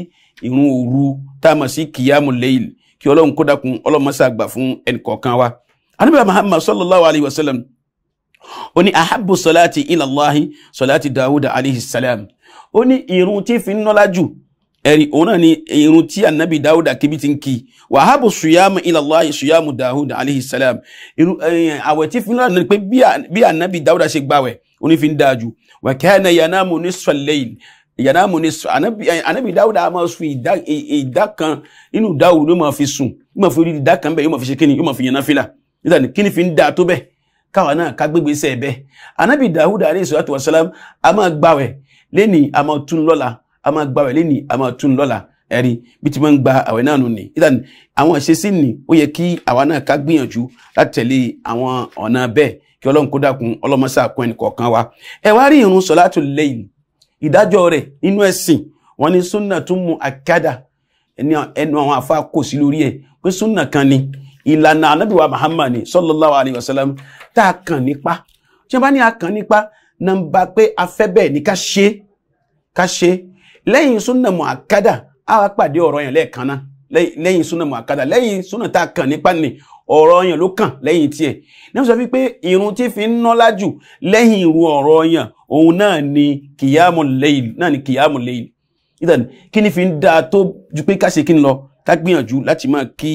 ìrun òru tá a mọ̀ sí kìyàmù lẹ́yìn kí ọlọ́run kó dákun ọlọ́run máa fún ẹnìkọ̀ọ̀kan wa. anábìyà Muhammad ní ahabu salam ó ní ìrun tí fi ń nọ́lá jù ẹ̀rí òun náà ni irun tí anabi dawud akibi ti ń kí wàhábù suyamu ilallahi suyamu dawud alayhi salam eh, àwẹ̀ tí fúnra náà pé bí anabi dawud ṣe gbàwẹ̀ onífi ń dáa ju wa kana yanamu nisfal layl yanamu nisfa anabi eh, dawud a máa fi ìdá eh, kan nínú dawud ló máa fi sùn yóò máa fi orí ìdá kan bẹ́ẹ̀ yóò máa fi ṣe kíni yóò máa fi yànnà fìlà nígbà tí kíni fi ń dáa tó bẹ́ẹ̀ káwa náà ká gbégbé sẹ́ẹ̀ bẹ́ẹ̀ anabi dawud alayhi salatu wa a máa gbàwẹ̀ lẹ́ni a máa tún lọ́la a máa gba àwẹ̀ lẹ́nìí a máa tún lọ́la ẹ̀rí bí ti máa ń gba àwẹ̀ náà nù ní. ìtàn àwọn ìṣesí ni ó yẹ kí àwa náà ká gbìyànjú láti tẹ̀lé àwọn ọ̀nà bẹ́ẹ̀ kí ọlọ́run kó dákun ọlọ́mọṣà kún ẹnì kọ̀ọ̀kan wa. ẹ wá rí irun sọ̀látù lẹ́yìn ìdájọ́ rẹ̀ nínú ẹ̀sìn wọn ni súnà tún mu àkádà ẹnu àwọn àfa kò sí lórí ẹ̀ pé súnà kan ni ìlànà anábìwá Muhammad ni sallallahu alayhi wa sallam tá a kàn nípa tí bá ní a kàn nípa nàmbà pé afẹ́ ni ká ṣe ká ṣe lẹ́yìn súnà muakkada á wá pàdé ọ̀rọ̀ yẹn lẹ́ẹ̀kan náà lẹ́yìn súnà muakkada lẹ́yìn súnà tá a kàn nípa nì ọ̀rọ̀ yẹn ló kàn lẹ́yìn tiẹ̀ náà sọ wípé irun tí fi ń nọ́lá jù lẹ́yìn irú ọ̀rọ̀ yẹn òun náà ni qiyamul layl náà ni qiyamul layl ìdàn kí ni fi ń dáa tó ju pé ká ṣe kí ni lọ ká gbìyànjú láti máa kí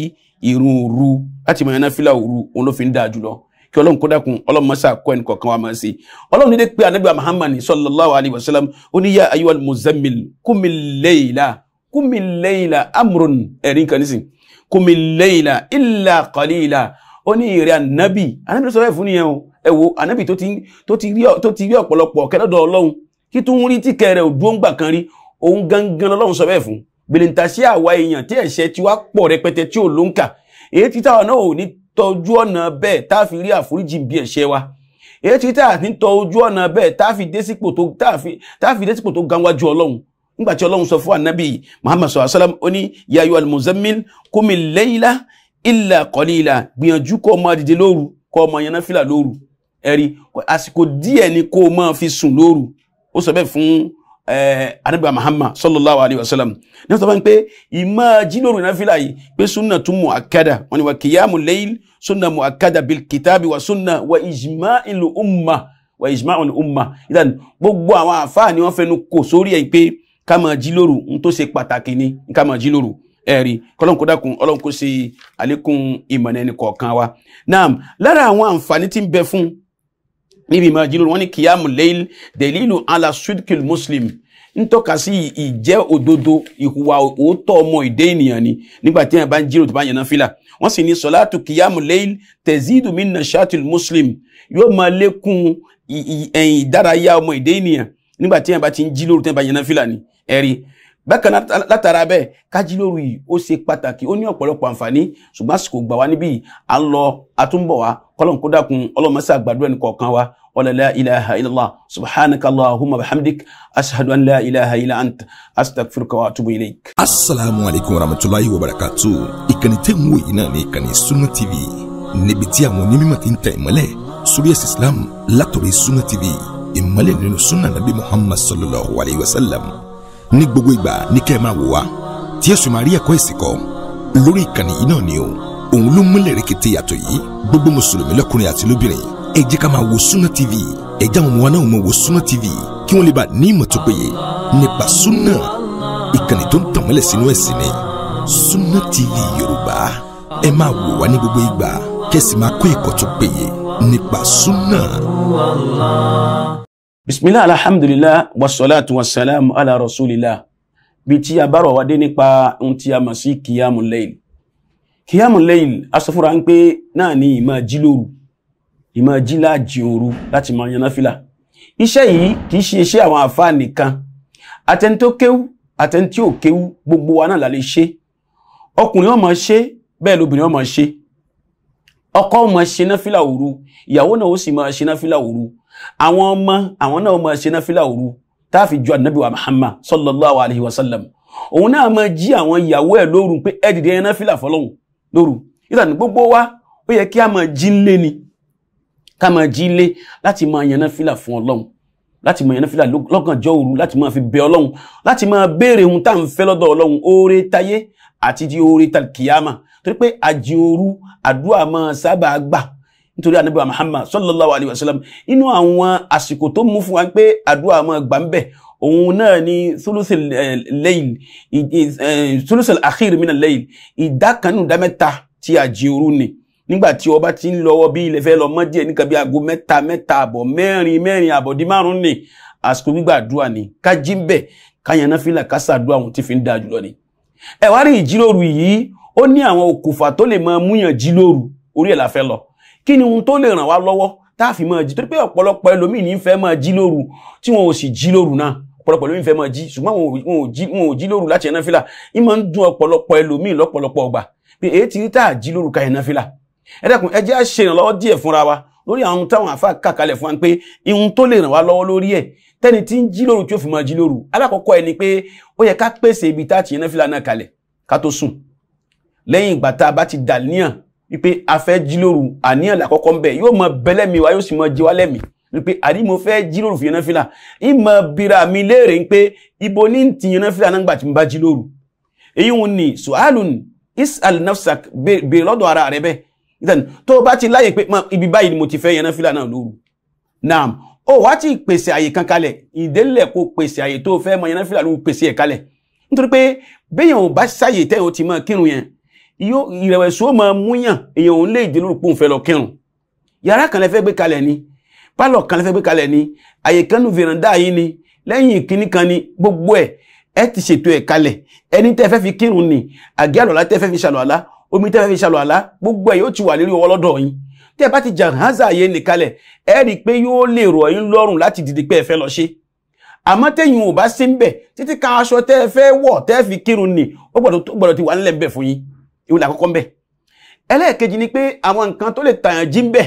irun òru láti máa yanáfílà òru òun ló fi ń dáa jù lọ kí ọlọ́run kó dákun ọlọ́run mọ́sá kọ́ ẹnì kọ̀ọ̀kan wa máa ṣe ọlọ́run nílé pé anabi muhammad sallallahu alayhi wa sallam ó ní yá ayyuhal muzammil kumi layla kumi layla amrun ẹ̀rín kan nísìn kumi layla illa qalila ó ní ìrẹ́ anabi anabi ló sọ bẹ́ẹ̀ fún nìyẹn o ẹ wo anabi tó ti rí ọ̀pọ̀lọpọ̀ kẹ́lọ́dọ̀ ọlọ́run kí tó ń rí tí kẹrẹ ò dúró ń gbà kan rí òun gangan lọ́lọ́run sọ bẹ́ẹ̀ fún bèlèǹtà àwa èèyàn tí ẹ̀ṣẹ̀ ti wá pọ̀ rẹpẹtẹ tí ò ló èyí tí náà ò ní tọjú ọ̀nà bẹ́ẹ̀ tá a fi rí àforíjì bí ẹ̀ṣẹ̀ wa èyí tí tá a fi ń tọ ojú ọ̀nà bẹ́ẹ̀ tá a fi dé sípò tó tá a fi dé sípò tó ganwájú ọlọ́run nígbà tí ọlọ́run sọ fún ànábì muhammad sọ àṣálàm ó ní ya ayyuhal muzammil qumi layla illa qalila gbìyànjú kó máa dìde lóru kó máa yan náfìlà lóru ẹ̀rí àsìkò díẹ̀ ni kó máa fi sùn lóru ó sọ bẹ́ẹ̀ fún anabiwa muhammad sallallahu alaihi wasallam ní sọ fún mi pé ìmọ̀ jí lóru yìí pé sunna tún mu akada wọn ni wà kìyàmù layl sunna mu'akkada bil kitabi wa sunna wa ijma'il umma wa ijma'il umma idan gbogbo àwọn àfáà ni wọ́n fẹnu kò sórí ẹ̀ pé ká máa jí lóru n tó ṣe pàtàkì ni ká máa jí lóru ẹ̀rí naam lára àwọn àǹfààní tí ń bẹ fún níbi máa jí ala sudkil muslim ń tọ́ka sí ìjẹ́ òdodo ìhùwà òótọ́ ọmọ ìdé ènìyàn ni nígbà tí yẹn bá ń jírò tó bá yẹn náà fìlà wọ́n sì ní sọ́látù kìyàmù lẹ́yìn tẹ̀sídù mí nà ṣáàtìl muslim yóò máa lékún ẹ̀yìn ìdárayá ọmọ ìdé ènìyàn nígbà tí yẹn bá ti ń jírò tó bá yẹn náà fìlà ni ẹ̀rí bákan látara bẹ́ẹ̀ kájílóru yìí ó ṣe pàtàkì ó ní ọ̀pọ̀lọpọ̀ àǹfààní ṣùgbọ́n àsìkò gbà wá níbí à ń lọ àtúnbọ̀ wá kọ́lọ́nkódàkùn ọlọ́mọṣẹ́ àgbàdo ẹnì kọ̀ọ̀kan wa ولا لا إله إلا الله سبحانك اللهم وبحمدك أشهد أن لا إله إلا أنت أستغفرك وأتوب إليك السلام عليكم ورحمة الله وبركاته ìkànnì tẹ́ ń wò yìí náà ní ìkànnì Sunna TV níbi tí àwọn onímọ̀ ti ń tẹ ìmọ́lẹ̀ sórí ẹ̀sìn Islam látòrí Sunna TV ìmọ́lẹ̀ nínú Sunna Nabi Muhammad sallallahu alayhi wa sallam ní gbogbo ìgbà ní kẹ́ ẹ máa wò wá tí ẹ̀sùn máa rí ẹ̀kọ́ ìsìnkọ́ lórí ìkànnì yìí náà ni o òun ló múlẹ̀ rẹ̀kẹ̀tẹ̀ yàtọ̀ yìí gbogbo mùsùlùmí lọ́kùnrin àti lóbìnrin ẹ jẹ́ ká máa wo suna TV ẹ jẹ́ àwọn ọmọ náà máa wo suna TV kí wọ́n lè bá ní ìmọ̀ tó péye nípa Sunna ìkànnì tó ń tànmọ́lẹ̀ sínú ẹ̀sìn ni Sunna TV Yorùbá ẹ máa wò wá ní gbogbo ìgbà kẹ́sì máa kọ́ ẹ̀kọ́ tó péye nípa Sunna. bisimilahi alhamdulilah wasalaatu wasalaamu ala rasulillah bí tí a bá rọ̀ wá dé nípa ohun tí a mọ̀ sí kìyàmù lẹ́yìn kìyàmù lẹ́yìn asọ́fúnra ń pé náà ní ìmọ̀ jílóru ìmọ̀ jíláàjì òru láti máa yan náfìlà iṣẹ́ yìí kìí ṣe iṣẹ́ àwọn àfáà nìkan àtẹni tó kéwú àtẹni tí ò kéwú gbogbo wa náà la lè ṣe ọkùnrin ó máa ṣe bẹ́ẹ̀ lóbìnrin ó máa ṣe ọkọ ó máa ṣe náfìlà òru ìyàwó náà ó sì máa ṣe náfìlà òru àwọn ọmọ àwọn náà ó máa ṣe náfìlà òru tá a fi ju ànábì wa Muhammad sallallahu alayhi wa sallam òun náà máa jí àwọn ìyàwó ẹ̀ lóru pé ẹ dìde ẹ náfìlà fọ́lọ́hun lóru ìtàn gbogbo wa ó yẹ kí a máa jí ń lé ni ká máa jí lé láti máa yànnà fìlà fún ọlọ́run láti máa yànnà fìlà lọ́gànjọ́ òru láti máa fi bẹ ọlọ́run láti máa béèrè ohun tá à ń fẹ́ lọ́dọ̀ ọlọ́run oore táyé àti di oore talkiyama torí pé àjì òru àdúrà máa sábà gbà nítorí ànábì Muhammad sallallahu alayhi wa sallam inú àwọn àsìkò tó mú fún wa pé àdúrà máa gbà ń bẹ̀ òun náà ni thuluthil eh, layl eh, thuluthil akhir mina al-layl ìdá kanú ìdá mẹ́ta ti àjì òru ni nígbà tí ọba ti ń lọ́wọ́ bí ilẹ̀ fẹ́ lọ mọ́ díẹ̀ níkan bí aago mẹ́ta mẹ́ta àbọ̀ mẹ́rin mẹ́rin àbọ̀ dín márùn-ún ni àsìkò gbígbàdúrà ni ká jí ń bẹ̀ ká yànnà fílà ká ṣàdúrà àwọn tí fi ń dáa jùlọ ni. ẹ wá rí ìjíròrò yìí ó ní àwọn okùnfà tó lè máa múyàn jí lóru orí ẹ̀ la fẹ́ lọ kí ni ohun tó lè ràn wá lọ́wọ́ tá a fi máa jí torí pé ọ̀pọ̀lọpọ̀ ẹlòmíì ní fẹ́ máa jí lóru tí wọn ò sì jí lóru náà ọ̀pọ̀lọpọ̀ ẹlòmíì fẹ́ máa jí ṣùgbọ́n wọn ò jí lóru láti yànnà fílà ìmọ̀ ń dún ọ̀pọ̀lọpọ̀ ẹlòmíì lọ́pọ̀lọpọ̀ ọgbà pé èyí ti rí tá a jí lóru ká yànnà ẹ̀dẹ́kun ẹ jẹ́ á ṣe ìrànlọ́wọ́ díẹ̀ fúnra wa lórí àwọn táwọn àfa kàkalẹ̀ fún wa pé ihun tó lè ràn wá lọ́wọ́ lórí ẹ̀ tẹ́ni tí ń jí lóru tí ó fi máa jí lóru alákọ̀ọ́kọ́ ẹni pé ó yẹ ká pèsè ibi tá a ti yẹn náà fìlà náà kalẹ̀ ká tó sùn lẹ́yìn ìgbà tá a bá ti dà níyàn wípé a fẹ́ jí lóru àníyàn làkọ́kọ́ ń bẹ yóò máa bẹ́lẹ́mi wa yóò sì máa jí wá lẹ́mìí wípé àrí mo fẹ́ jíròrò fi yaná fílà ìmọ̀ bira mi léèrè ń pé ibo ní ti yaná fílà náà gbà tí mo bá jí lóru èyí ń ní sùhálùn isal nafsak bèrè lọ́dọ̀ ara rẹ bẹ́ẹ̀ ìtàn tó bá ti láyè pé ibi báyìí ni mo ti fẹ́ yẹn náfìlà náà lóru naam ó wá ti pèsè àyè kan kalẹ̀ ìdélẹ̀ kó pèsè àyè tó fẹ́ mọ yẹn náfìlà lóru pèsè ẹ̀ kalẹ̀ nítorí pé béèyàn ò bá sáyè tẹ́yìn ó ti mọ kírun yẹn ìrẹ̀wẹ̀sì ó máa múyàn èèyàn ò ń lè dé lóru pòun fẹ́ lọ kírun yàrá kan lẹ fẹ́ gbé kalẹ̀ ni pálọ̀ kan lẹ fẹ́ gbé kalẹ̀ ni àyè kan nu vèrèndà yìí ni lẹ́yìn ìkíní kan ni gbogbo ẹ̀ ẹ ti ṣètò ẹ̀ kalẹ̀ ẹni tẹ́ fẹ́ fi kírun ni àgé àlọ́lá tẹ́ fẹ́ fi ṣàlọ́lá omi tẹ́ fẹ́ fi ṣàlọ̀ àlá gbogbo ẹ̀ yóò ti wà lérí ọwọ́ lọ́dọ̀ yín tẹ́ ẹ bá ti jàǹhánzà yé nìkalẹ̀ ẹ rí i pé yóò lè rọ̀ yín lọ́rùn láti dìde pé ẹ fẹ́ lọ ṣe àmọ́ tẹ̀yìn ò bá sí ń bẹ̀ títí kan aṣọ tẹ́ ẹ fẹ́ wọ̀ tẹ́ ẹ fi kírun ni ó gbọ́dọ̀ ti wà nílẹ̀ ń bẹ̀ fún yín ìwé làkọ́kọ́ ń bẹ̀ ẹlẹ́ẹ̀kejì ni pé àwọn nǹkan tó lè tàyàn jí ń bẹ̀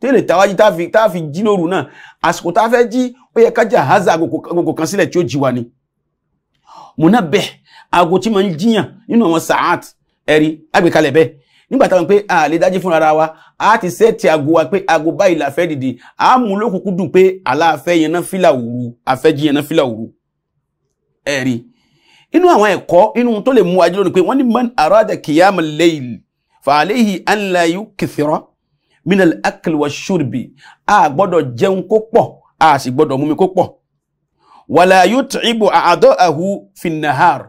tó lè tàwájí tá a fi jí lóru náà àsìkò tá a fẹ́ jí ó yẹ ká jàǹhánzà agogo kan sílẹ̀ tí ó jí wa ni mùnà bẹ̀ aago tí máa ń jiyàn nínú àwọn sàáàtì ẹ̀rí àgbékalẹ̀ bẹ́ẹ̀ nígbà táwọn pé a lè dájí fúnra wa a ti sẹ́ẹ̀tì aago wa pé aago báyìí la fẹ́ dìde a mú lókùnkún dùn pé aláàfẹ́ yẹn náà fìlà òru àfẹ́jì yẹn náà fìlà òru ẹ̀rí inú àwọn ẹ̀kọ́ inú tó lè mú ajé lónìí pé wọ́n ní man arada kiyam al-layl fa alayhi an la yukthira a gbọ́dọ̀ jẹun kó pọ̀ a sì gbọ́dọ̀ mumi kó pọ̀ wala yut'ibu a'da'ahu fi an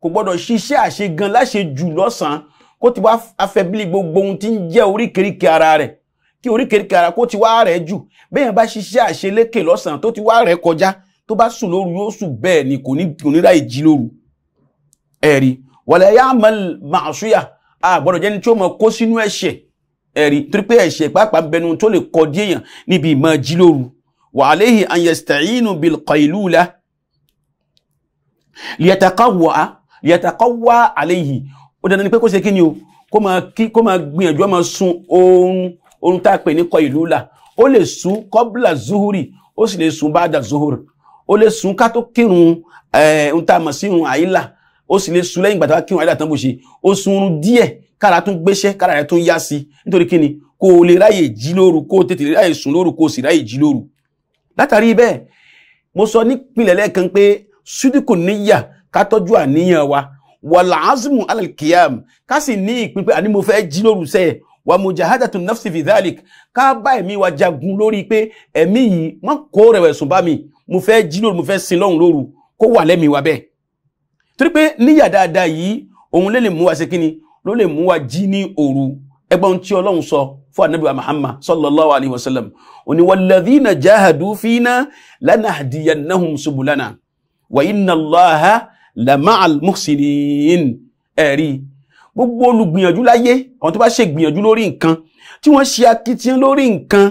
kò gbọ́dọ̀ ṣiṣẹ́ àṣegan láṣe jù lọ́sàn-án kó ti wá afẹ́bílì gbogbo ohun tí ń jẹ́ oríkèéríkèé ara rẹ̀ kí oríkèéríkèé ara kó ti wá rẹ̀ jù bẹ́ẹ̀ bá ṣiṣẹ́ àṣelékè lọ́sàn-án tó ti wá rẹ̀ kọjá tó bá sùn lóru yóò sùn bẹ́ẹ̀ ni kò ní kò ní ráì jí lóru. ẹ̀rí wàlẹ̀ yá màṣúyà àgbọ̀dọ̀ jẹ́ni tí ó mọ kó sínú ẹ̀ṣẹ̀ ẹ̀rí torí pé ẹ̀ṣẹ̀ pàápàá bẹnu tó lè kọ dí èèyàn níbi ìmọ̀ jí lóru wàhálẹ́hìn àyẹ̀sítẹ̀yìnù bìlkọ̀ ìlú la lìyàtàkà wàá yẹtàkọ́wá àléyìí ó dandan ni pé kó ṣe kí ni o kó máa gbìyànjú máa sun oorun oorun tá a pè ní kọ ìlú là ó lè sun kọ́bùlà zuhuri ó sì lè sun báàdà zuhuri ó lè sun ká tó kírun eh, ohun tá a mọ̀ sí irun àyílà ó sì lè sun lẹ́yìn ìgbà tó bá kírun àyílà tán bó ṣe ó sun oorun díẹ̀ kára tún gbéṣẹ́ kára rẹ̀ tún yá sí nítorí kí ni kó o lè ráyè jí lóru kó o tètè lè ráyè sùn lóru kó o sì mo sọ nípìnlẹ̀ lẹ́ẹ̀kan pé sídìkù níyà ká tọ́jú àníyàn wa wàlà azimu alalkiyam ká sì ní ìpín pé àní mo fẹ́ jí lórúṣẹ́ ẹ̀ wa mujahadatu nafsi fi dhalik ká bá ẹ̀mí wa jagun lórí pé ẹ̀mí yìí má kó rẹ̀wẹ̀sùn bá mi mo fẹ́ jí lóru mo fẹ́ sin lọ́hùn lóru kó wà lẹ́mí wa bẹ́ẹ̀ torí pé níyà dáadáa yìí òun lè mú wa ṣe kíni ló lè mú wa jí ní òru ẹgbọ́n tí ọlọ́run sọ fún ànábì wa Muhammad sallallahu alayhi wa sallam òní walladhina jahadu fina lanahdiyannahum subulana wa inna Allaha lamal muhsinin ẹ̀rí gbogbo olùgbìyànjú láyé àwọn tó bá ṣe gbìyànjú lórí nǹkan tí wọ́n ṣe akitiyan lórí nǹkan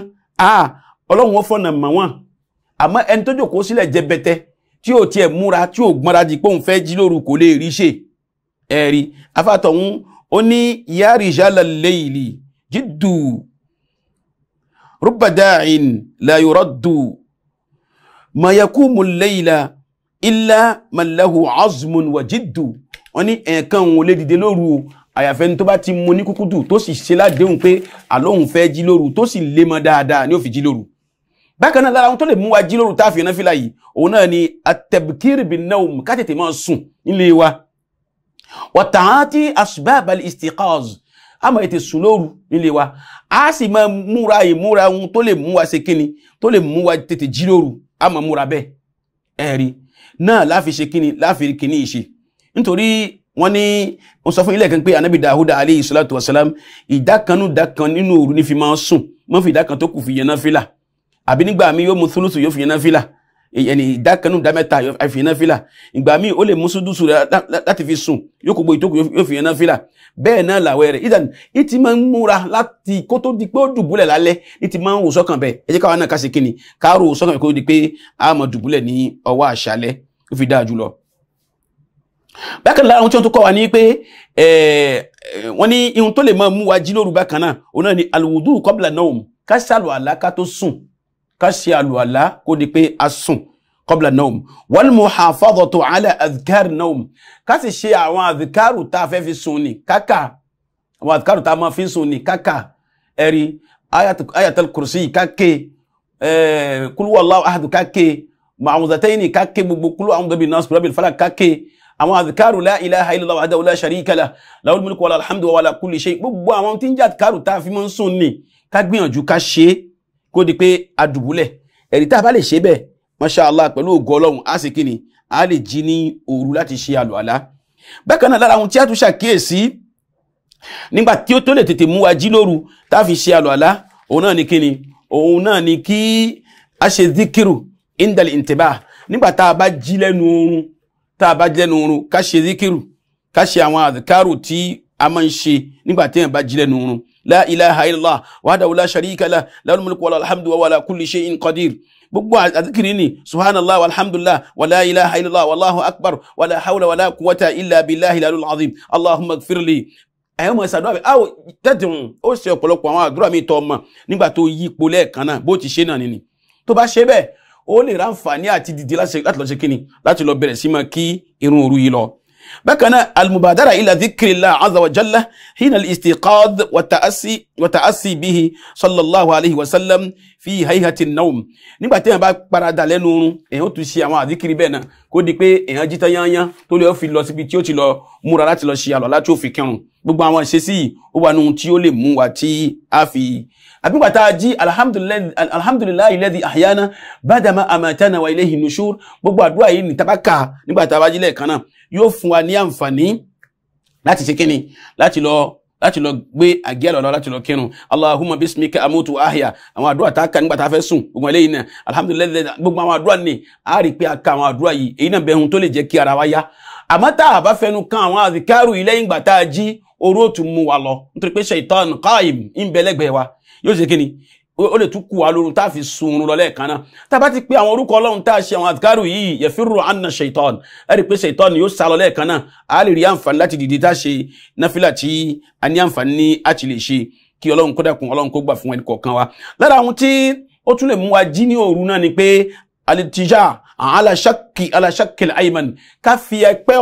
ah ọlọ́run wọn fọ̀nà mọ̀ wọ́n àmọ́ ẹni tó jòkó sílẹ̀ jẹbẹtẹ tí ò tiẹ̀ múra tí ò gbọ́nra di pé òun fẹ́ jí lóru kò lè rí ṣe ẹ̀rí afátọ̀hún ó ní ya rijalal layli jiddu rubba da'in la yuraddu ma yakumul layla illa man lahu azmun wa jiddu wọ́n ní ẹ̀ẹ̀kan òun ò lè dìde lóru o àyàfẹ́ni tó bá ti mu ní kúkúdù tó sì ṣe ládéhùn pé àlóhùn fẹ́ jí lóru tó sì lé mọ́ dáadáa ni ó fi jí lóru bákan náà lára ohun tó lè mú wa jí lóru táàfin náà fìlà yìí òun náà ni atẹ̀bùkírì bin nawm ká tètè máa sùn nílé wa wàtàǹtì asbabal istiqaz a máa tètè sùn lóru nílé wa a sì máa múra ìmúra ohun tó lè mú wa ṣe kíni tó lè mú wa tètè jí lóru a máa múra bẹ́ẹ̀ ẹ̀rí náà láfi ṣe kíni láfi kíni ìṣe nítorí wọ́n ní wọ́n sọ fún ilé kan pé anabi dahuda aleyhi salatu wasalam ìdákanú dákan nínú òru ní fi máa sùn mọ́ fi ìdákan tó kù fi yẹn náfìlà àbí nígbà mi yóò mu thulutu yóò fi yẹn náfìlà ẹni ìdákanú dámẹ́ta yóò fi yẹn náfìlà ìgbà mi ó lè mú sudusu láti fi sùn yóò kó gbogbo ìtókù yóò fi yẹn náfìlà bẹ́ẹ̀ náà làwẹ̀ rẹ̀ ìdàn ní ti máa ń múra láti kó tó di pé ó dùbúlẹ̀ lálẹ́ ní máa ń wò sọ́kàn bẹ́ẹ̀ ẹ jẹ́ náà ká ṣe kíni ká rò kó di pé a dùbúlẹ̀ ní ọwọ́ àṣálẹ́ ó fi dáa jùlọ bákan lára ohun tí wọ́n tó kọ́ wa ní pé wọ́n ní ihun tó lè máa mú wa jí lóru bákan náà òun náà ni alwudu kọ́bìlà náà ká ṣe àlùwàlá ká tó sùn ká ṣe àlùwàlá kó di pé a sùn kọ́bìlà náà wal muhafadhatu ala adhkar náà ká sì ṣe àwọn adhkaru tá a fẹ́ fi sùn ní káka àwọn adhkaru tá a máa fi sùn ní káka ẹ̀rí ayatul kursi káke kul huwallahu ma'awuzataini ká ké gbogbo kúlú àwọn bẹbí náà sùpùrọ̀bì falak ká ké àwọn azikaru la ilaha illallah wa adawula sharika la lawul mulku wala alhamdu wa wala kulli shay gbogbo àwọn tí ń jẹ́ azikaru tá a fi mọ́ ń sùn ni ká gbìyànjú ká ṣe é kó di pé adùbúlẹ̀ ẹ̀rí tá a bá lè ṣe bẹ́ẹ̀ masha allah pẹ̀lú ògo ọlọ́run á sì kíni á lè jí ní òru láti ṣe àlùalá bákan náà lára àwọn tí a tún ṣàkíyèsí nígbà tí ó tó lè tètè mú wa jí lóru tá a fi ṣe àlùalá òun náà ni kíni òun náà ni kí a ṣe díkìrù indal intibah nígbà tá a bá jí lẹ́nu oorun tá a bá jí lẹ́nu oorun ká ṣe zikiru ká ṣe àwọn àdìkárò tí a máa ń ṣe nígbà tí èèyàn bá jí lẹ́nu oorun la ilaha illallah wahdahu la sharika lah lahul mulku wala alhamdu wa wala kulli shay'in qadir gbogbo àdìkiri ni subhanallah walhamdulillah wala ilaha illallah akbar wala hawla wala quwwata illa billahi ilalul azim allahumma gfirli ẹ̀yọ́ mọ̀ ṣàdúrà bẹ́ẹ̀ áwò tẹ́tùn ó ṣe ọ̀pọ̀lọpọ̀ àwọn àdúrà mi tọ́ ọmọ nígbà tó yípo lẹ́ẹ̀kan náà bó ti ṣe náà nìyí tó bá ṣe bẹ́ẹ̀ ó lè ráǹfààní àti dìde láti lọ ṣe kíni láti lọ bẹ̀rẹ̀ sí máa kí irun òru yìí lọ. bákan náà almubadara ila dhikrillah azza wa jalla hina al-istiqad wa ta'assi wa ta'assi bihi sallallahu alayhi wa sallam fi hayhati an-nawm. nígbà tí èèyàn bá parada lẹ́nu oorun èèyàn tún ṣe àwọn àdíkiri bẹ́ẹ̀ náà kó di pé èèyàn jí tán yányán tó lè fi lọ síbi tí ó ti lọ múra láti lọ ṣe àlọ́ láti òfin kírun gbogbo àwọn ìṣesí yìí ó wà nínú tí ó lè mú wa tí a fi àbígbàtà jí alhamdulillahi alladhi ahyana badama amatana wa ilayhi nushur gbogbo àdúrà yìí ní tabaka nígbàtà wájí lẹ́ẹ̀kan náà yóò fún wa ní àǹfààní láti ṣe kíni láti lọ láti lọ gbé àgé àlọ́lọ́ láti lọ kírun allahumma bismika amutu ahya àwọn àdúrà tá a kà nígbà tá a fẹ́ sùn gbogbo eléyìí náà alhamdulilayi gbogbo àwọn àdúrà ni a rí pé a ka àwọn àdúrà yìí èyí náà bẹ̀rù tó lè jẹ́ kí ara wa yá àmọ́ tá a bá fẹnu kan àwọn àdìkárù yìí ìgbà tá a jí orú òtún mú wa lọ nítorí pé ṣèitán káìm ń bẹ lẹ́gbẹ̀ẹ́ wa yóò ṣe kíni ó lè tún kú wa lóru tá a fi sunrun lọ lẹ́ẹ̀kan náà tá bá ti pé àwọn orúkọ ọlọ́run tá a ṣe àwọn àdìkárù yìí yẹfirù anna ṣèitán ẹ rí i pé ṣèitán yóò sá lọ lẹ́ẹ̀kan náà a lè rí àǹfààní láti dìde tá a ṣe náfìlà tí a ní àǹfààní àti lè ṣe kí ọlọ́run kó dàkún ọlọ́run kó gbà fún ẹnì kọ̀ọ̀kan wa lára àwọn tí ó tún lè mú wa jí ní òru náà ni pé alitija alasaki alasakil ayman ká fi ẹpẹ́